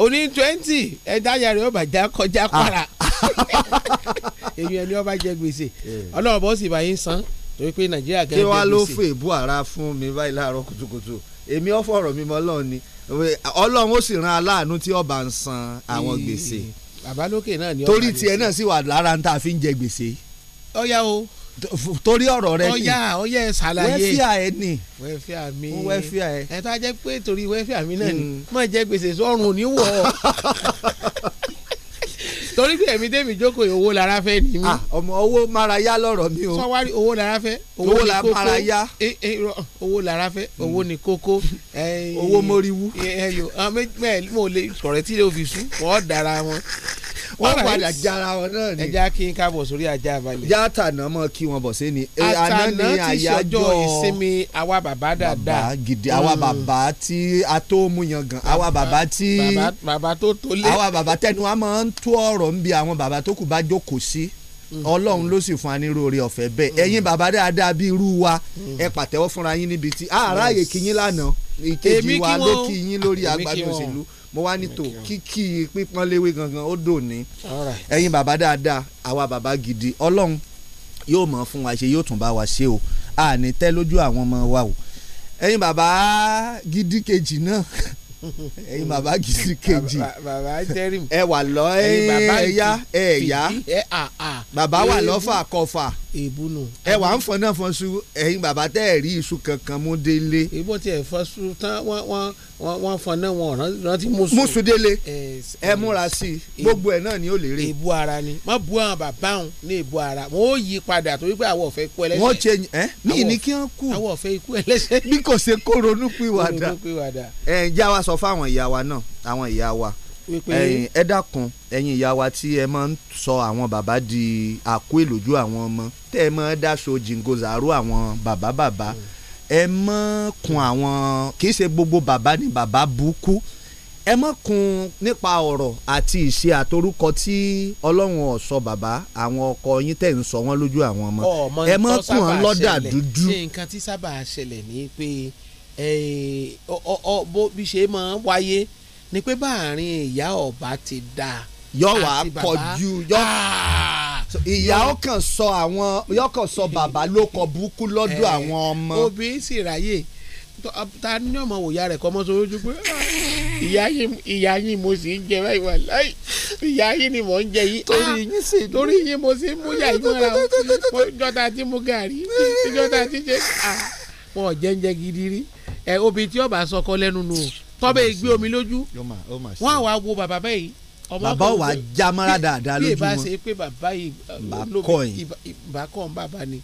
oní twenty ẹ̀dá yàrá yóò bàjá kọjá para ah. èyí ẹni ọba jẹ gbèsè eh. ọlọ́run bó sì bá yín san torí pé nàìjíríà gẹ́gẹ́ bí ṣe. kí wàá ló fè bú ara fún mi báyìí láàárọ̀ kùtùkùtù èmi ọ̀fọ̀ ọ̀rọ̀ mi mọ́ ọlọ́run ni ọlọ́run ó sì ran aláàánú tí ọba ń san àwọn eh. gbèsè bàbá lókè náà ni ọ̀gá torí tiẹ̀ náà sì wà lára ń tà fi ń jẹ gbèsè. ọ̀yá o. torí ọ̀rọ̀ rẹ ni ọ̀yá ọ̀yá ẹ̀ ṣàlàyé wẹ́fíà ẹ ni wẹ́fíà mi wẹ́fíà ẹ. ẹ tó a jẹ́ pé torí wẹ́fíà mi náà ni hmm. mọ̀ jẹ́ gbèsè sọ́run ò ní wọ̀ ọ́. torí pé èmi débi jókòó owó lára fẹ́ ni mí. Ah, ọmọ owó mara yá lọ́rọ̀ mi o. sọwárí owó lára fẹ́. owó la mara yá. Eh, eh, owó lára fẹ́ owó ni kókó. Eh, owó moriwu. Ah, mo lè sọ̀rọ̀ tí lè fi sùn wọ́n dára wọn wọ́n padà jara wọn náà ni. ẹ já kí n káàbọ̀ sórí ajá balẹ̀. já tànà mọ́ kí wọ́n bọ̀ sí ni. àtànà ti ṣọjọ́ ìsinmi àwa bàbá dáadáa. bàbá gidi àwa mm. bàbá tí a tó mú yan gan àwa bàbá tí. bàbá tó tó lé. àwa bàbá tẹnu a máa ń tó ọ̀rọ̀ ń bi àwọn bàbá tó kù bá jókòó sí mm. ọlọ́run ló sì fún aníròore ọ̀fẹ́ bẹ́ẹ̀ mm. ẹ̀yin bàbá dáadáa bíi irú wa ẹ pàtẹ́wọ́ fúnra yín níbi tí àráyè kí yín lánàá ìkejì wa ló kí yín lórí agbádùn òṣèlú mo wá ní tò kíkì pípọ́n léwé gangan ó dò ní ẹ̀yin bàbá dáadáa àwa bàbá gidi ọlọ́run yóò mọ̀ fún wa ṣe yóò tún bá wa ṣe o àní tẹ́ lójú àwọn ọmọ wa o ẹ̀yin bàbá gidi kejì náà ẹ̀yin bàbá gidi kejì ẹ wà lọ ẹ̀yà ẹ̀yà bàbá wà lọ́fà kọfà èébú nù. ẹ wà ń fọnà fọnṣu ẹ̀yin bàbá tẹ ẹ rí iṣu kankan mú délé. ìbò tí ẹ fọṣu tán wọn wọn fọnà wọn rántí mùsùn. mùsùn délé ẹ múra sí i gbogbo ẹ náà ni ó lè rí. èébú ara ni má bu àwọn bàbá òun ní èébú ara wọn ó yí padà torí pé àwọn ọ̀fẹ́ kú ẹlẹ́sẹ̀. wọ́n ṣe ẹ mí ní kí wọ́n kú. àwọn ọ̀fẹ́ ikú ẹlẹ́sẹ̀. bí kò ṣe kó ronú pìwàdà ẹ̀ ń já wa sọ fáwọn ìyá wa náà àwọn ìyá wa ẹ̀yin ẹ dákun ẹ̀yin ìyá wa tí ẹ máa ń sọ àwọn bàbá di àkó èlòjú àwọn ọmọ tẹ́ ẹ máa dáṣọ jìngòzàrú àwọn bàbá bàbá ẹ máa kun àwọn kì í ṣe gbogbo bàbá ni bàbá burúkú ẹ mọ̀ kun nípa ọ̀rọ̀ àti ìṣe àtorúkọ tí ọlọ́run ọ̀sọ́ bàbá àwọn ọkọ yín tẹ̀ ń sọ wọ́n lójú àwọn ọmọ ẹ mọ̀ kun wọn lọ́dà dúdú. ṣe nǹkan tí sábà ṣẹlẹ̀ ni pé bí ṣe máa wáyé ni pé báàrin ìyá ọba ti da yọ wà kọjú yọ ah! ìyá ọkàn sọ àwọn yọkàn sọ bàbá ló kọ burúkú lọ́dọ̀ eh, àwọn ọmọ. obìnrin sì ráyè ta ni ọmọ wòya rẹ kọ́ mọ́ sójú pé ah, ìyá yín mo sì ń jẹ báyìí wà láì ìyá yín ni mò ń jẹ yìí torí ah, yín mo sì ń mú yà yín mọ́ra o jọta tí mo gàrí jọta tí jẹ wọn ò jẹ́ ń jẹ gidi rí ẹ eh, obì tí ọba sọkọ lẹ́nu nù o tọ́bẹ̀ gbé omi lójú wọ́n àwa wo bàbá báyìí bàbá wa já mara dáadáa lójú wọn bí ìbá ṣe pé bàbá yìí uh, ìbákọ̀ ń bàbá ni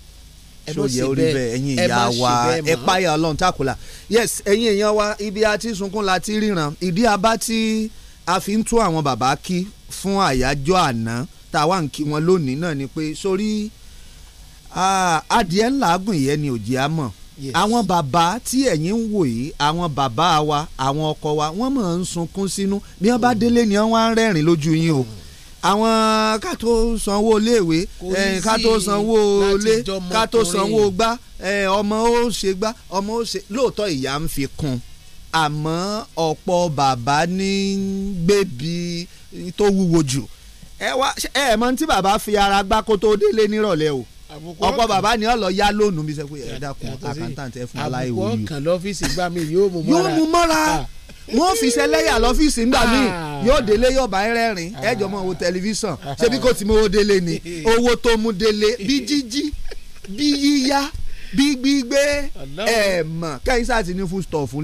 ṣòye orí bẹ́ẹ̀ ẹ̀yin ìyá wa ẹ páyà Ọlọ́run takùlà yes ẹ̀yin èèyàn wa ibi àti sunkún la ti ríran ìdí abá tí a fi ń tún àwọn bàbá kí fún àyájọ́ àná tá a wá ń kí wọn lónìí náà ni pé sórí adìẹ ńlá gùn yẹn ni òjì á mọ̀ àwọn bàbá tí ẹ̀yin ń wò yìí àwọn bàbá wa àwọn ọkọ wa wọ́n mọ̀ ń sunkún sínú bí wọ́n bá mm. délé ni wọ́n wá ń rẹ́rìn lójú yín o mm. àwọn ká tó sanwó iléèwé ká tó sanwó ilé ká tó sanwó gbá ọmọ ó ṣe gbá ọmọ ó ṣe lóòótọ́ ìyá ń fi kún un àmọ́ ọ̀pọ̀ bàbá ní gbèbí tó wúwo jù ẹ wá tí bàbá fi ara gbá kó tó délé nírọ̀lẹ́ o ọ̀pọ̀ bàbá ni ọ̀lọ́ yá lónìí mi sọ pé ẹ̀dá kun accountant ẹ̀ fún aláìwò yìí. àbùkù ọkàn lọ́fíìsì gbà mí yóò mú mọ́ra. yóò mú mọ́ra ah. wọ́n fi sẹ́lẹ́yà lọ́fíìsì ńgbà míì ah. yóò délé yóò bá rẹ́rìn ah. ẹ̀jọ̀ mọ́ wo tẹlifíṣàn ṣebí kò tí mo wo délé ni owó tó mú délé bí jíjí bí yíyá bí gbígbé ẹ̀ mọ̀ kẹ́yìn sáà ti ní fún stọ̀ọ̀fù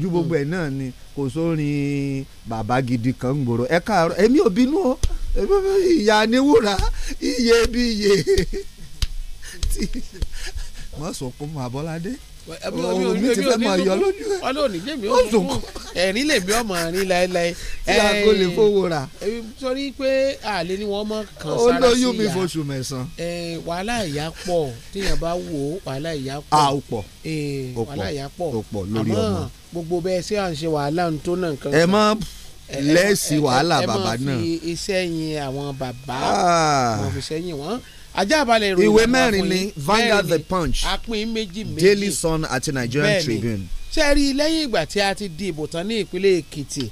ju hmm. gbogbo ẹ̀ náà ni kò sórin bàbá gidi kan ń gbòòrò ẹ káàárọ̀ èmi ò bínú o ìyá ni wúrà iyebíye tí mọ̀ sọ̀kún mọ̀ Abọ́ládé òun mi ti fẹ́ mọ̀ yọ lójú ẹ̀ ọlọ́ọ̀ni jẹ́mi ó sọ̀kún ẹ̀rín lèmi ọmọ rin láéláé. tí a kò lè fowó ra. sọrí pé àlè ni wọ́n mọ̀ kàn sára sí ya ó lóyún mi fóṣù mẹ́sàn wàhálà ìyá pọ̀ téèyàn bá wò ó wàhálà ìyá pọ̀. a ò pọ̀ wàhálà ìyá pọ̀ àmọ́ gbogbo bẹ́ẹ̀ sí à ń ṣe wàhálà ń tó náà nǹkan. ẹ má lẹ́ẹ̀sì wàhálà bàbá náà. Ah. ẹ má fi iṣẹ́ yin àwọn bàbá wọn fi iṣẹ́ wọn ajábalẹ̀ ìròyìn ìwé mẹ́rin ni Vanguard The Punch Daily Sun àti Nigerian Tribune. ṣe rí i lẹ́yìn ìgbà tí a ti di ìbò tán ní ìpínlẹ̀ Èkìtì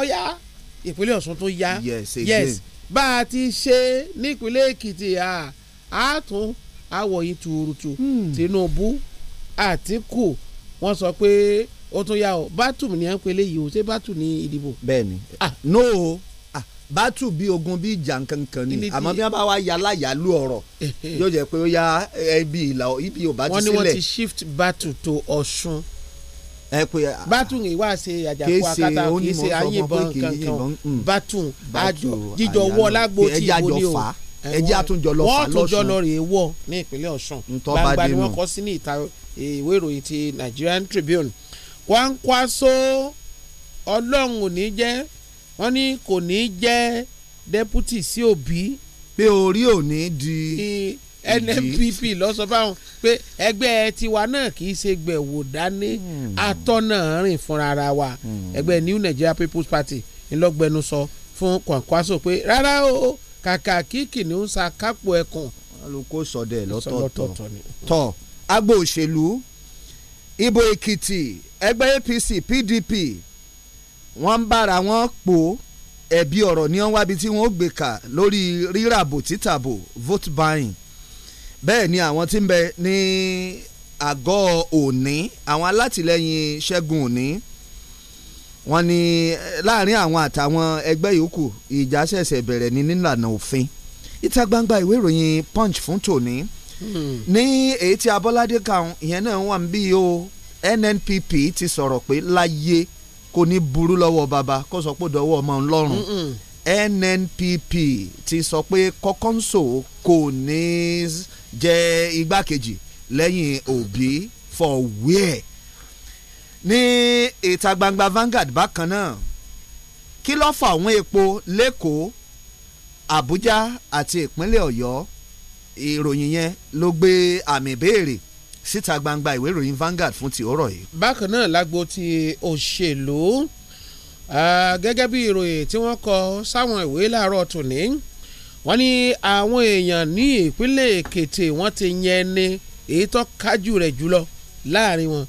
ọ̀yá eh, ìpínlẹ̀ Ọ̀ṣun tó yá yes bá a ti ṣe nípínlẹ̀ Èkìtì àtún àwọ̀yìn tuurutu hmm. Tinubu Àtíkù wọ́n sọ pé ó tún yá o bátù ni à ń pelé yìí o ṣé bátù ni ìdìbò. ah, no o bátù bí ogun bí ìjà nkankan ni àmọ́ bí wọ́n bá wá ya láyàlú ọ̀rọ̀ yóò jẹ́ pé ó ya ibi ìlà ibi ò bá ti sílẹ̀. wọ́n ní wọ́n ti shift bátù tó Ọ̀ṣun bátù ń wá ṣe àjàkú akátá kì í ṣe ayébọn kankan bátù mm. àjọ jíjọ wọ lágbo tí ìbò ni o ẹjẹ àtúnjọ lọ fà lọsùn wọn àtúnjọ lọ rè wọ ní ìpínlẹ̀ Ọ̀ṣun gbangba ni wọ́n kọ sí ní ìta eh, ìwé ìròyìn ti Nigerian Tribune Kwankwaso Ọlọ́run ò ní jẹ́ wọ́n ní kò ní jẹ́ dẹ́pútì sí òbí. pé orí ò ní di NNPP lọ sọ fáwọn pé ẹgbẹ́ tiwa náà kì í ṣe gbẹ̀wò dání hmm. atọ́nà rìn fúnra wa hmm. ẹgbẹ́ New Nigeria People's Party ńlọgbẹnusọ fún Kwankwaso pé rárá o kàkà kíkì ní ń sa kápò ẹkùn. alùkò sọdẹ lọ́tọ̀ọ̀tọ̀ tọ agbo òṣèlú ibo Èkìtì ẹgbẹ́ APC PDP wọ́n ń bára wọn pò ẹ̀bi ọ̀rọ̀ ní wọ́n wábi tí wọ́n gbé kà lórí ríràbò títàbò vote buying bẹ́ẹ̀ ni àwọn tí ń bẹ ní àgọ́ òní àwọn alátìlẹyìn ṣẹ́gun òní wọ́n ní láàrin àwọn àtàwọn ẹgbẹ́ yòókù ìjà ṣẹ̀ṣẹ̀ bẹ̀rẹ̀ ní nílànà òfin ìta gbangba ìwé ìròyìn punch fún tòní hmm. ní èyí tí abọ́ládé kan ìyẹn náà wà ń bí o NNPP ti sọ̀rọ̀ pé láyé kò ní burú lọ́wọ́ bàbá kó sọ pé dọ́wọ́ ọmọ ńlọ́rùn NNPP ti sọ pé kọ́kọ́ńsò kò ní jẹ́ igbákejì lẹ́yìn Obi for where ní ìta gbangba Vanguard bákan náà kí ló fà àwọn epo lẹ́kọ̀ọ́ Àbújá àti ìpínlẹ̀ Ọ̀yọ́ ìròyìn yẹn ló gbé àmì ìbéèrè síta gbangba ìwé ìròyìn Vanguard fún ti òórọ̀ yìí. bákan náà lágbo ti òṣèlú gẹ́gẹ́ bí ìròyìn tí wọ́n kọ sáwọn ìwé láàárọ̀ tòní wọ́n ní àwọn èèyàn ní ìpínlẹ̀ Èkìtì wọ́n ti yẹn ni èyí tó kájú rẹ̀ jùlọ láàrin wọn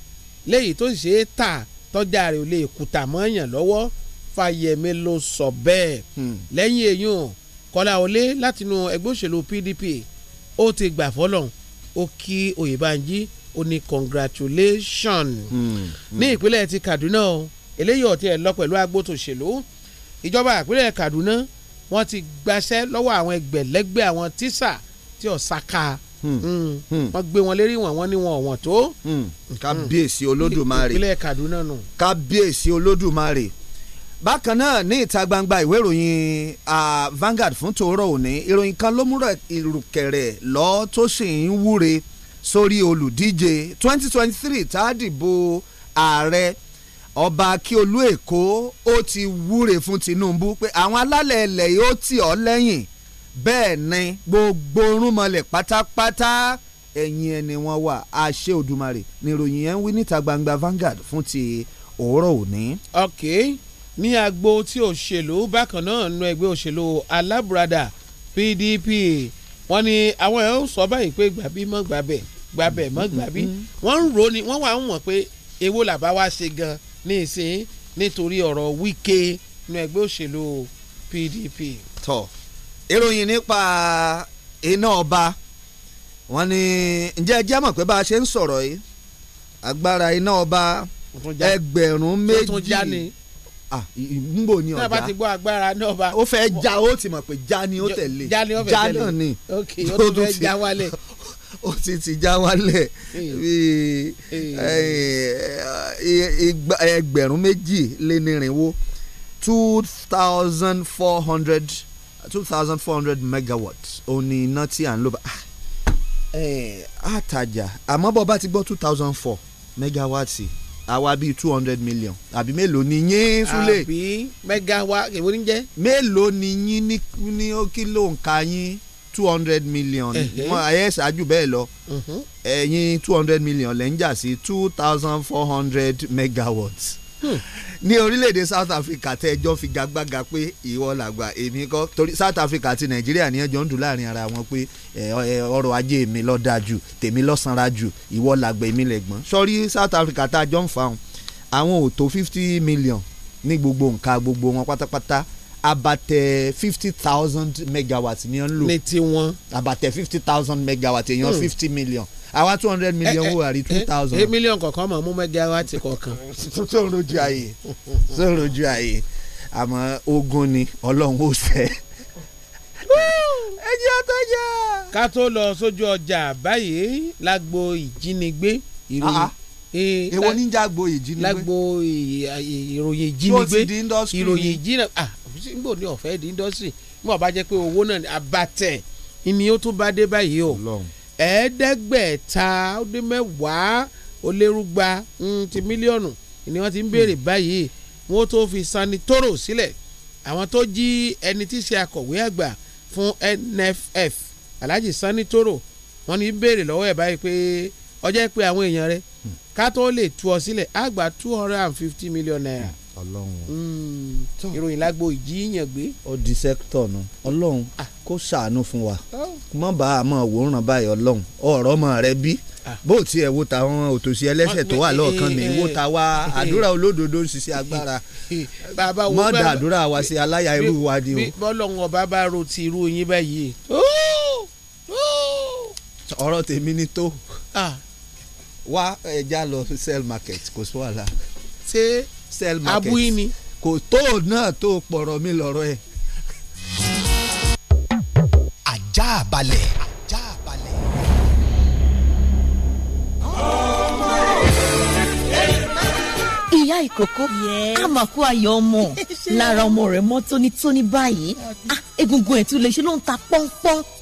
léyìí tó ṣe é tà tọ́jà rẹ̀ ò lè kùtà mọ́yàn lọ́wọ́ Fáyẹmí ló sọ bẹ́ẹ̀ hmm. lẹ́yìn èyàn Kọ́lá Olé látinú ẹgbẹ́ òṣèlú PDP ó ti gbà fọlọ́hún ó kí Oyèbánjí ó ní congratulation hmm, hmm. ní ìpínlẹ̀ ti Kaduna o eléyìí ọ̀tí ẹ̀ lọ pẹ̀lú agbótòṣèlú ìjọba ìpínlẹ̀ Kaduna wọ́n ti gbaṣẹ́ lọ́wọ́ àwọn ẹgbẹ̀lẹ́gbẹ̀ àwọn tíṣà tí ọ̀sàkà hmm, wọ́n gbé wọn lérí wọn wọ́n ní wọn ọ̀wọ́n tó. kábíyèsí olódùmarè kábíyèsí olódùmarè bákan náà ní ìta gbangba ìwé ìròyìn Vanguard fún tòórọ́ òní ìròyìn kan ló múrò ìrùkẹ̀rẹ̀ lọ tó sì ń wúre sórí olùdíje 2023 tá a dìbò ààrẹ ọba Akíolú Èkó ó ti wúre fún Tinubu pé àwọn alálẹ̀ ilẹ̀ yìí ó tì ọ́ lẹ́yìn bẹ́ẹ̀ ni gbogbo orúnmọlẹ̀ pátápátá ẹ̀yìn ẹni wọn wà àṣẹ Òdùmarè níròyìn yẹn ń wí níta gbangba Vanguard fún ti òórọ̀ òní. Okay ní agbo tí òṣèlú bákan náà nu ẹgbẹ́ òṣèlú alábùradà PDP wọ́n ní àwọn ẹ̀ ń sọ báyìí pé gbàbí mọ́ gbàbẹ̀ gbàbẹ̀ mọ́ mm-hmm. gbàbí wọ́n ń ro ni wọ́n wà ń wọ̀n pé èwo làbá wá ṣe gan ní ìsìn nítorí ọ̀rọ̀ Wike nu ẹgbẹ́ òṣèlú PDP. tọ ìròyìn nípa iná ọba wọ́n ní ǹjẹ́ ẹ jẹ́ mọ̀ pé bá a ṣe ń sọ̀rọ̀ yìí agbára iná ọba ẹgbẹ̀rún méjì Ah, nbò ni ọjà náà bá ti gbọ́ agbára náà bá. ó fẹ́ já ó ti mọ̀ pé já ni ó tẹ̀lé já náà ni ó ti fẹ́ já wálẹ̀ ó ti ti já wálẹ̀ bíi eh, eh, ẹgbẹ̀rún méjì lé nírinwó two thousand four hundred two thousand four hundred megawatts òun ni iná tí à ń lò bá ah, eh, àtàjà àmọ́ bọ́ bá ti gbọ́ two thousand four megawatts àwa bíi two hundred million àbí mélòó ni yín súlẹ̀. àbí mẹ́gáwá èwo ni jẹ́. mélòó ni yín ní ní kílò nǹka yín two hundred million wọn ayé ṣáájú bẹ́ẹ̀ lọ ẹ̀yin two hundred million lẹ́ jà sí two thousand four hundred megawatts ní orílẹ̀-èdè South Africa tẹ́ ẹjọ́ fi gagbága pé ìwọ làgbà èmi kọ́ torí South Africa àti Nàìjíríà ní ẹjọ́ ń dùn láàrin ara wọn pé ọrọ̀ ajé mi ló dáa jù tèmi ló sanra jù ìwọ làgbà èmi lẹ̀gbọ́n sọ́rí South Africa tá a jọ ń fa wọn àwọn ò tó fifty million ní gbogbo nǹka gbogbo wọn pátápátá abatẹ fifty thousand megawatt ni ó lò ní tiwọn abatẹ fifty thousand megawatt èèyàn hmm. fifty million. Hmm àwa two hundred million eh, eh, wò àrí eh, two thousand. eight million kọ̀ọ̀kan mọ̀ mú mẹ́gáwáàtì kọ̀ọ̀kan. tó ń rojú ààyè tó ń rojú ààyè àmọ́ ogun ni ọlọ́run ó ṣe. ẹ jẹ́ ọtọ́ jà. ká tó lọ sójú ọjà báyìí lágbo ìjínigbé ìròyìn ah, ah. èwo ní jágbo ìjínigbé lágbo ìròyìn ìjínigbé ìròyìn ìjínigbé ah nígbò ní ọ̀fẹ́ di indọ́sírì nígbà bá jẹ́ pé owó náà abatẹ̀ ni ó tún bá dé báyìí o ẹ̀ẹ́dẹ́gbẹ̀ta ó dé mẹ́wàá ó lérúgba mm, ti mílíọ̀nù ni wọ́n ti ń béèrè hmm. báyìí wọ́n tó fi sanitoro sílẹ̀ àwọn tó jí ẹni tí í ṣe akọ̀wé àgbà fún NFF Alhaji sanitoro wọ́n ní béèrè lọ́wọ́ ẹ̀ báyìí pé ọjọ́ pé àwọn èèyàn rẹ̀ hmm. ká tó lè tú ọ sílẹ̀ àgbà two hundred and fifty million naira. Hmm ọlọ́run mm. ìròyìn lágbo ìjíyàn gbé. ó di sẹ́kítọ̀ nu ọlọ́run ah. kó ṣàánú fún wa mọ̀ bá a mọ̀ wòran báyìí ọlọ́run ọ̀rọ̀ mọ̀ rẹ bí ah. bó tiẹ̀ wo tàwọn òtòṣì ẹlẹ́sẹ̀ tó wà ah. lọ́ọ̀kan ní wo ta wa àdúrà olódodo ń ṣiṣẹ́ agbára mọ̀ dà àdúrà wa sí aláya irú wa ni o. bọ́lọ̀hún ọba bá ro ti irú yín báyìí. ọ̀rọ̀ tèmi ni tó wá ẹja lọ sell market kò sí wàhálà. ṣé sell market abúyí ni kò tó náà tó pọ̀rọ̀ mi lọ́rọ̀ ẹ̀. ajá balẹ̀. ajá balẹ̀. ìyá ìkókó àmàkù ayọ̀ ọmọ lára ọmọ rẹ̀ mọ́ tónítóní báyìí ah, egungun ẹ̀ lè ṣe ló ń ta pọ́npọ́n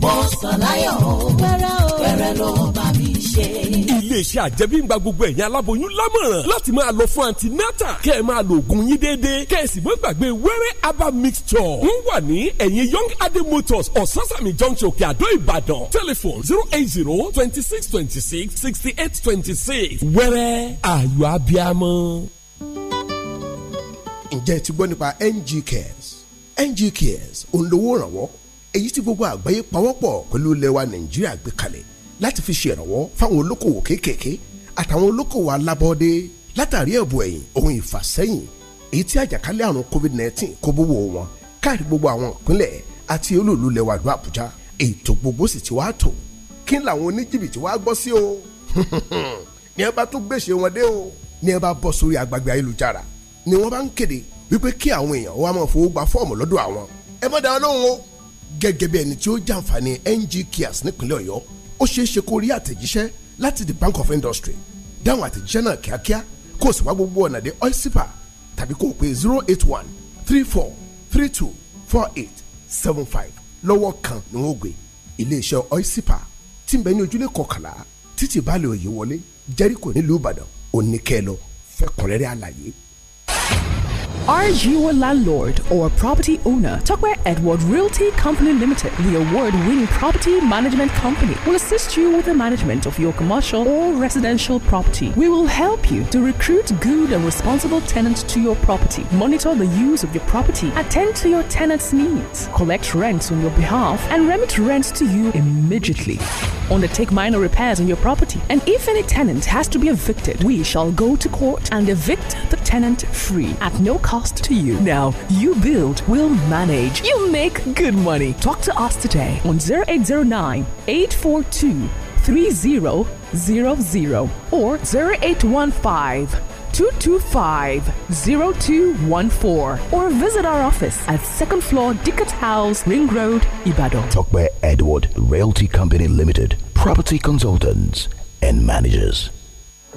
mo sọ láyọ̀ o pẹrẹ o pẹrẹ ló bá mi ṣe. iléeṣẹ́ àjẹmíngba gbogbo ẹ̀yin aláboyún lámọ̀ràn láti máa lọ fún antinata kẹ́ ẹ máa lo oògùn yín déédéé kẹ́ ẹ sì mọ́ gbàgbé wẹ́rẹ́ aba mixture ń wà ní ẹ̀yìn young adé motors ososami junction òkè àdó ìbàdàn telephone zero eight zero twenty six twenty six sixty eight twenty six wẹ́rẹ́ ayọ̀ abiamọ. ǹjẹ́ ẹ ti gbọ́ nípa NG Cares NG Cares òǹlówó ìrànwọ́ èyí tí gbogbo àgbáyé pawọ́pọ̀ pẹ̀lú ilẹ̀ wa nàìjíríà gbé kalẹ̀ láti fi ṣèrànwọ́ fáwọn olókòwò kéékèèké àtàwọn olókòwò alábọ́ọ́dé látàrí ẹ̀bùn ẹ̀yìn ohun ìfàsẹ́yìn èyí tí àjàkálẹ̀ àrùn covid-19 kó bówó wọn káàrí gbogbo àwọn ìpínlẹ̀ àti olúùlú ilẹ̀ wa ìlú àbújá ètò gbogbo sì ti wá tò kí làwọn oníjìbìtì wá gbọ́ sí o ní ẹ bá tó gbèsè wọn dé o ní ẹ bá bọ́ sórí agbègbè ayélujára ni wọ́n bá ń kéde wípé kí àwọn èèyàn wá máa fowó gba fọ́ọ̀mù lọ́dọ̀ àwọn ẹ má dá lóhùn o gẹ́gẹ́ bí ẹni tí ó jàǹfààní ng kias nípínlẹ̀ ọ̀yọ́ ó ṣeé ṣe kó rí àtẹ̀jíṣẹ́ láti the bank of industry dáhùn àtẹ̀jíṣẹ́ náà kíákíá kó o sì wá gbogbo ọ̀nà dé oysipa tàbí kó o pè zero eight one three four three two four eight seven five lọ́wọ́ kan ni wọ́n gbé iléeṣẹ́ oysipa tí ń bẹ ní ojúlé kọkànlá títí balẹ̀ òye wọlé jẹ́ríkò nílùú ìbàdàn òní kẹ́ ẹ lọ fẹ́kùnrẹ́rẹ́ àlàyé Are you a landlord or property owner? Tuckware Edward Realty Company Limited, the award winning property management company, will assist you with the management of your commercial or residential property. We will help you to recruit good and responsible tenants to your property, monitor the use of your property, attend to your tenants' needs, collect rents on your behalf, and remit rents to you immediately undertake minor repairs on your property. And if any tenant has to be evicted, we shall go to court and evict the tenant free at no cost to you. Now, you build, we'll manage. You make good money. Talk to us today on 0809 842 3000 or 0815 225-0214 or visit our office at second floor Dickett House, Ring Road, Ibadan. by Edward Realty Company Limited, property consultants and managers.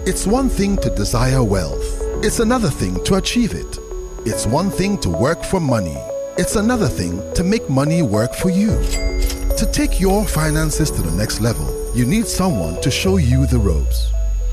It's one thing to desire wealth. It's another thing to achieve it. It's one thing to work for money. It's another thing to make money work for you. To take your finances to the next level, you need someone to show you the ropes.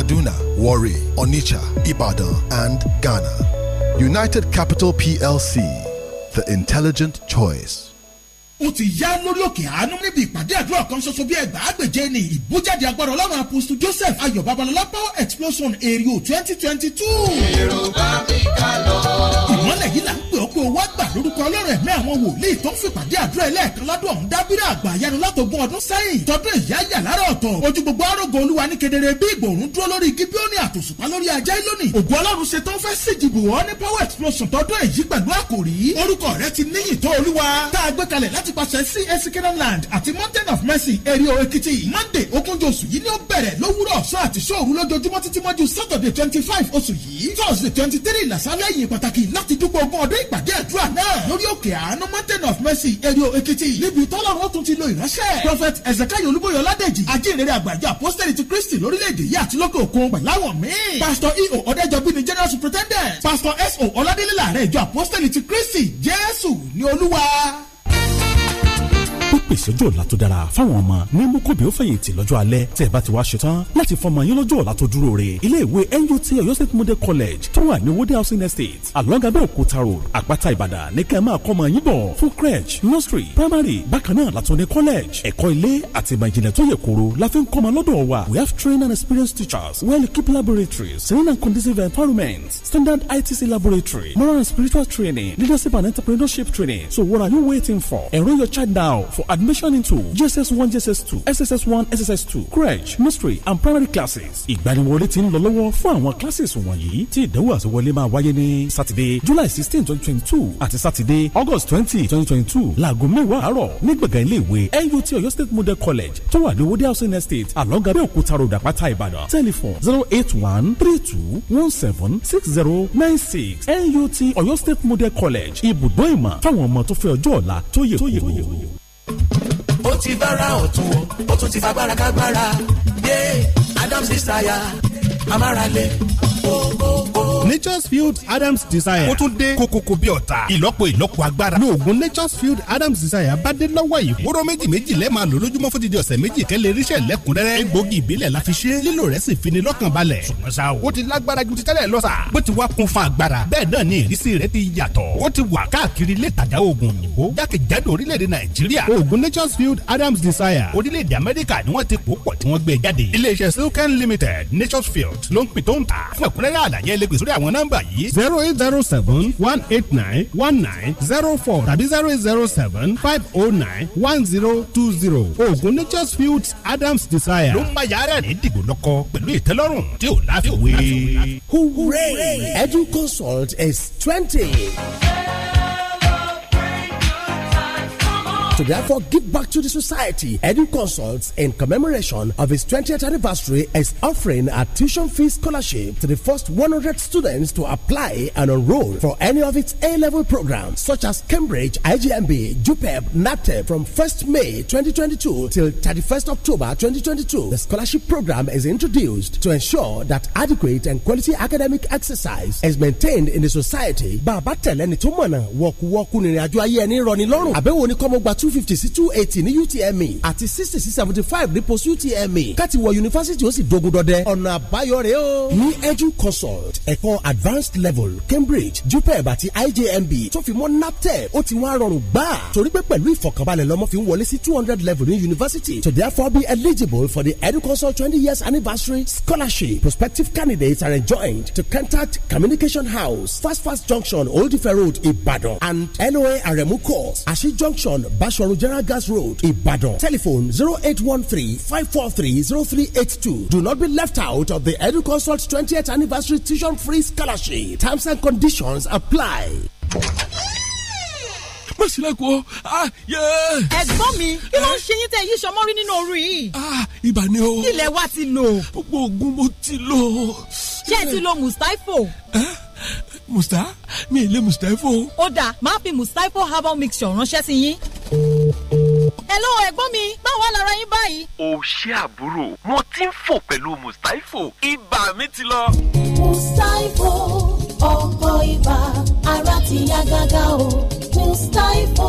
Kaduna, Warri, Onitsha, Ibadan, and Ghana. United Capital PLC, the intelligent choice. ó ti yá lórí òkè àánú níbi ìpàdé àdúrà kan ṣoṣo bí ẹgbàágbèje ni ìbújáde agbára ọlọ́run apostle joseph ayọ̀ babalọlá power explosion èrè 2022. twenty two. èrò bá mi ká lọ. ìmọ̀lẹ̀ yìí là ń kó wá gbà lórúkọ ọlọ́rẹ̀ ní àwọn wòlíì tó ń fìpàdé àdúrà ẹlẹ́ẹ̀kan lọ́dún ọ̀hún dábírà àgbà yanu látọ̀gbọ́n ọdún sẹ́yìn tọdún ìyá yà lára ọ̀tọ̀ ojú gbogbo arógo olúwa ní kedere bí ìgbòrún dúró lórí gíbíọ́nì àtòṣùpá lórí ajá lónìí ògùn ọlọ́run ṣe tó ń fẹ́ sí ìdìbò wọn ní power explosion tọdún èyí pẹ̀lú àkòrí orúkọ rẹ ti níyì tó olúwa tá a gbé kalẹ̀ láti pàṣẹ sí esikiran land àti mountain of mercy erio ekiti monday okunjo oṣù yìí ni ó bẹ̀rẹ̀ lówùrọ̀ ọ̀sán àti ṣóòru lójoojúmọ́ títí mọ́jú saturday twenty five oṣù yìí thursday twenty three làṣálẹ̀ yìí pàtàkì láti dúpọ̀ ogún ọdún ìpàdé ìpàdé àdúrà náà lórí òkè àánú mountain of mercy erio ekiti níbi tọ́lọ́run ó tún ti lo ìránṣẹ́ prophet ezekiel olúbóyè ọládèjì ajínrere àgbàjọ apostoli ti kristi lórílẹ̀‐èdè yìí àti lókè òkun pẹ̀láwọ̀n mi. pastor eo ọ̀dẹ́jọbí ni general superintendent pastor so ọládélé làárẹ̀ ìjọ apostoli ti kristi jésù ni olúwa ó pèsè ọjọ́ ọ̀la tó dára fáwọn ọmọ ní mukobi ó fẹ̀yìntì lọ́jọ́ alẹ́ tẹ́ ẹ bá ti wá ṣetán láti fọmọ yín lọ́jọ́ ọ̀la tó dúró re ilé ìwé NUT Ọ̀yọ́ State Model College tó wà ní Owódé Housing Estate along Abẹ́òkúta road Àpáta Ìbàdàn ní kẹ́ ẹ máa kọ́ ọmọ yín bọ̀ fún crèche nursery primary bákan náà látún ní college ẹ̀kọ́ ilé àti ìmọ̀ ìjìnlẹ̀ tó yẹ kóró la fi ń kọ́ ọmọ lọ́dọ̀ wa we have trained and experienced teachers well equipped laboratories serene and conducive environments standard ITC laboratory moral and spiritual training leadership and entrepreneurship training so what are you waiting for enroll your child now for admission into JSS1, JSS2, SSS1, SSS2, crèche, nursery and primary classes. Ìgbaniwọlé ti ń lọ lọ́wọ́ fún àwọn classes wọ̀nyí tí ìdánwò àsọwọlé máa wáyé ní Saturday July sixteen twenty twenty two àti Saturday August twenty twenty twenty two láago mẹ́wàá àárọ̀ ní gbọ̀ngàn ilé ìwé NUT Oyo State Model College tó wà ní Owódé Housing Estate alonga Abẹ́òkúta road Àpáta Ìbàdàn telephone zero eight one three two one seven six zero nine six NUT Oyo State Model College ibùdó ìmọ̀ fáwọn ọmọ tó fẹ́ ọjọ́ ọ̀la tó yẹ kó ó ti bára ọ̀tún ó tún ti fagbára kágbára yé Adams desire amárale nature's field adams desire. ó tún dé kokoko bí ọ̀tá. ìlọ́po ìlọ́po agbára. ní oògùn nature's field adams desire bá dé lọ́wọ́ yìí. wóró méjì méjì lẹ́ẹ̀ máa lò lójúmọ́ fún dídí ọ̀sẹ̀ méjì kẹ́lẹ́ irísẹ́ lẹ́kùnrẹ́rẹ́. egbògi ìbílẹ̀ la fi ṣe. lílo rẹ̀ sì fini lọ́kàn balẹ̀. ṣùgbọ́n sa o ti lágbára ju ti tẹ́lẹ̀ lọ sa. bó ti wá kún fún agbára. bẹ́ẹ̀ náà ni ìrísí rẹ̀ ti yàtọ̀. ó ti wà káàkiri ilé ìtajà oògùn òyìnbó. jákèjádò orílẹ̀-èdè nàìjíríà. oògùn nature's field adams desire. orílẹ̀-èdè amẹ́ríkà ni wọ́n ti pò pọ̀ tí wọ́n gbé jáde. ilé iṣẹ́ silken limited nature's field product ló ń pè tó ń tà fún ẹ̀kúnrẹ́rẹ́ àlàyé ẹlẹ́gbẹ̀ sórí àwọn nọ́mbà yìí. zero eight zero seven one eight nine one nine zero four tàbí zero eight zero seven five oh nine one zero two zero oògùn nature's fields adams desire. ló ń bá yàrá ní dìgbò lọ́kọ pẹ̀lú ìtẹ́lọ́rùn tí ò láfiwé. hooray Consult is twenty. to therefore give back to the society. Edu Consults, in commemoration of its 20th anniversary, is offering a tuition fee scholarship to the first 100 students to apply and enroll for any of its A level programs, such as Cambridge, IGMB, JUPEB, NATEP, from 1st May 2022 till 31st October 2022. The scholarship program is introduced to ensure that adequate and quality academic exercise is maintained in the society. Bàbá tẹ̀lẹ́ni tó mọ̀nà wọ̀kúwọ́kú nìrìn àjò ayé ẹni rọ̀ ní lọ́rùn. Àbẹ̀wò ni kọ́mọgbà two fifty sí two eighty ní UTME àti sixty sí seventy five ní post UTME káti wọ yunifásitì ó sì dogun dọdẹ ọ̀nà àbáyọ rèé o. ní edu consult ẹ̀kọ́ advanced level Cambridge JUPEB àti IJMB tó fi mọ́ NAPTEP ó ti wá rọrùn gbà torí pé pẹ̀lú ìfọ̀kànbalẹ̀ lọ́mọ fi ń wọlé sí two hundred level ní yunifásitì to therefore be eligible for the edu consult twenty years anniversary scholarship prospective candidates are enjoined to contact communication house fast fast junction old ife road Ibadan and NOA aremu course ashi junction basho sọ̀rọ̀ general gas road Ibadan. telephone zero eight one three five four three zero three eight two do not be left out of the educonsult twentieth anniversary tuition free scholarship terms and conditions apply. má sílẹ̀kùn o. Ah, ẹ̀gbọ́n mi kí ló ń eh? ṣe yín tẹ́ yí sọmọ́ rí nínú òru yìí. Ah, ibà ni o. ilẹ̀ wa ti lò. gbogbo oògùn mo ti lò. ṣé ẹ ti lo mustapho. Eh? musta mi ì lé mustapho. ó dáa máa fi mustapho herbal mixture ránṣẹ́ sí yín. Hello ẹ̀gbọ́n mi, báwo lára yín báyìí? O ṣé àbúrò, mo ti ń fò pẹ̀lú Mustapho, ibà mi ti lọ. Mustapho, ọkọ̀ ibà, ara ti yá gágá o. Mustapho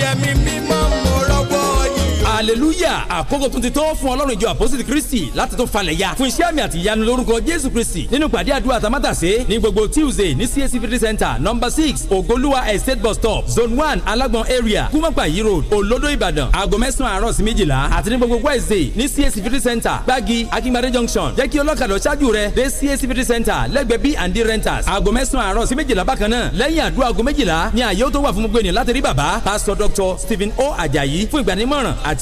yẹmi mímọ́ mo rọ́wọ́ hallelujah àkókò tún ti tó fún ọlọ́run ìjọ àpọ́sítì kristi láti tún falẹ̀ ya fún iṣẹ́ àmì àti ìyanu lórúkọ jésù kristi nínú pàdé àdúrà tamátàsé ní gbogbo tuesday ní cac fifty center number six ogoluwa estate bus stop zone one alágbọn area kúmọ̀pàyí road olodo ìbàdàn aago mẹ́sàn-án àárọ̀ sí méjìlá àti ní gbogbo wednesday ní cac fifty center gbági akíngbadé junction jẹ́ kí ọlọ́kadà ṣáájú rẹ dé cac fifty center lẹ́gbẹ̀ẹ́ b and d renters aago mẹ́sàn-án àárọ̀ sí méjìlá bákan náà lẹ́yìn àdúrà aago méjìlá ni àyè ó tó wà fún gbogbo ènìyàn láti rí bàbá pásítọ̀ dr stephen o ajayi fún ìgbanímọ̀ràn àti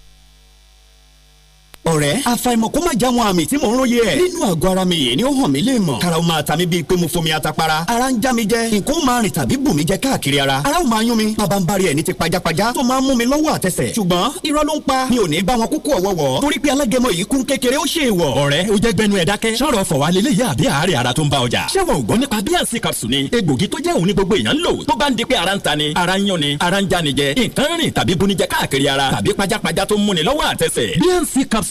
ọ̀rẹ́ àfàìmọ̀ kó má já wọn àmì tí mò ń róye ẹ̀. nínú àgọ́ ara mi yìí ni ó hàn mí lè mọ̀. kara máa ta mi bíi pé mo fomi atapara. ara ń já mi jẹ nǹkan máa rìn tàbí bù mí jẹ káàkiri ara. ara ó máa yún mi bàbá ń bari ẹ̀ ti pajápajá tó máa ń mú mi lọ́wọ́ àtẹsẹ̀. ṣùgbọ́n irọ́ ló ń pa mi ò ní bá wọn kúkú ọ̀wọ́wọ́ torí pé alágẹmọ yìí kún kékeré ó ṣe ìwọ̀. ọ̀rẹ́ o jẹ́ gbẹnu ẹ̀ dákẹ́. sọ̀rọ̀ fọ̀ wá lélẹ̀ yá àbí àárẹ̀ ara tó ń bá ọjà. ṣé wọn ò gbọ́ nípa bíànsì capsule ni egbògi tó jẹ́ òun ní gbogbo èèyàn ń lò tó bá ń di pé ara ń ta ni ara ń yún ni ara ń já ni jẹ nǹkan rìn tàbí bunijẹ káàkiri ara tàbí pajápajá tó ń múni lọ́wọ́ àtẹsẹ̀. bíànsì capsule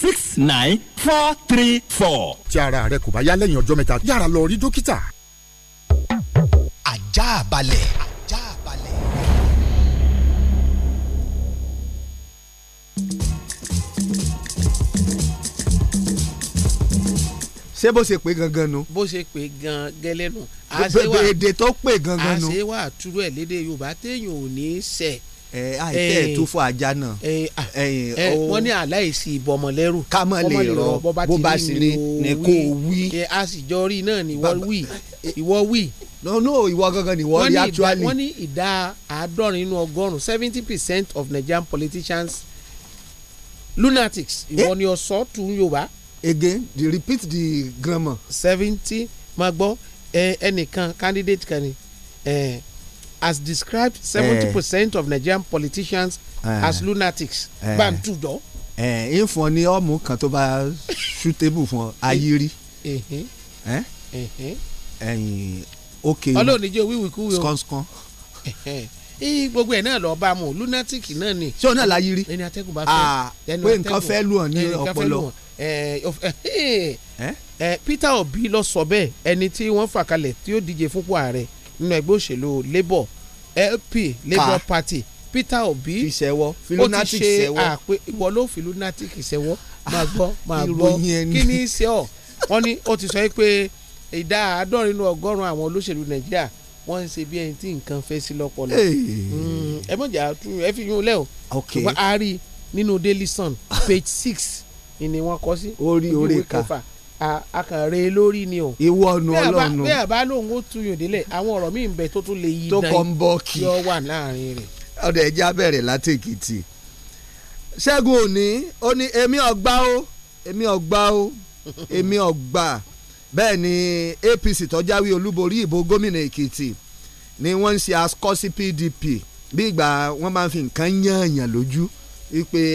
six nine four three four. tí ara rẹ kò bá yá lẹ́yìn ọjọ́ mẹ́ta yára lọ rí dókítà. ajá balẹ̀. ajá balẹ̀. ṣé bó ṣe pé gangan nu. bó ṣe pé gan gẹ́lẹ́ nu. àṣewà èdè tó pé gangan nu. àṣewà àtúrò ẹ̀ Yorùbá téèyàn ò ní í ẹ àìtẹ́ ẹ̀ tó fún ajá náà. ẹ wọ́n ní aláìsí ìbọmọ lẹ́rù. ká mọ̀ lè rọ bó bá sì rí ni kò wí. a sì jọ rí náà ni wọ́n wí ìwọ wí. no no ìwọ gangan ni wọ́n rí actually. wọ́n ní ìdá àádọ́rin nínú ọgọ́rùn-ún seventy percent of Nigerian politicians lunatics eh? ìwọ ni ọ̀sọ́ tún Yorùbá. again the repeat the grammar. seventy máa gbọ́ ẹnìkan candidate kan ni. Eh, has described seventy percent of Nigerian politicians eh, as lunatics eh, bantujọ. ẹ eh, ẹ fún ọ ní ọmú kan tó bá ṣútébù fún ọ eh. ayírí eh? ẹyìn òkè ọlọ́ọ̀nìjọ wíwìkú wíwọ skọ́nskọ́n. gbogbo ẹ̀ náà lọ bá mu lunatic náà ni. ṣé o náà láyé rí ẹni atẹ́gùn bá fẹ́ ah, ẹni atẹ́gùn pé nǹkan fẹ́ lù ọ́ ní ọpọlọ. Peter Obi lọ sọ bẹ́ẹ̀ ẹni tí wọ́n fà kalẹ̀ tí ó díje fúnpọ̀ ààrẹ nínú ẹgbẹ́ òṣèlú labour lp labour party peter obi ó ti ṣe àpè ìwọ ló fi lunatic ṣẹwọ́ máa gbọ́ máa gbọ́ kí ni í ṣe ọ́ wọ́n ní ó ti sọ pé ìdá àádọ́rin nínú ọgọ́rùn-ún àwọn olóṣèlú nàìjíríà wọ́n ń ṣe bí ẹni tí nǹkan fẹ́ sí lọ́pọ̀lọ́ hmm, ẹ mọ̀jà ẹ fi yún un lẹ́ o ṣùgbọ́n a rí nínú daily sun page six ni wọ́n kọ sí orí orí ká akànre lórí ni o. ìwọ nu ọlọ́nu. bí àbá lóun ó tuyùn délẹ̀ àwọn ọ̀rọ̀ míì ń bẹ tó tún lè yí dán. tó kọ́ ń bọ́ kí. yọ wà láàrin rẹ̀. ọ̀dọ̀ ẹja bẹ̀rẹ̀ látèkìtì. ṣẹ́gun òní ó ní èmi ọgbà ó èmi ọgbà ó èmi ọgbà bẹ́ẹ̀ ni APC tó olúborí ìbò gómìnà Èkìtì ni wọ́n ń ṣe asọ́sí PDP bí ìgbà wọ́n máa ń fi nǹkan yán àyàn lójú wípé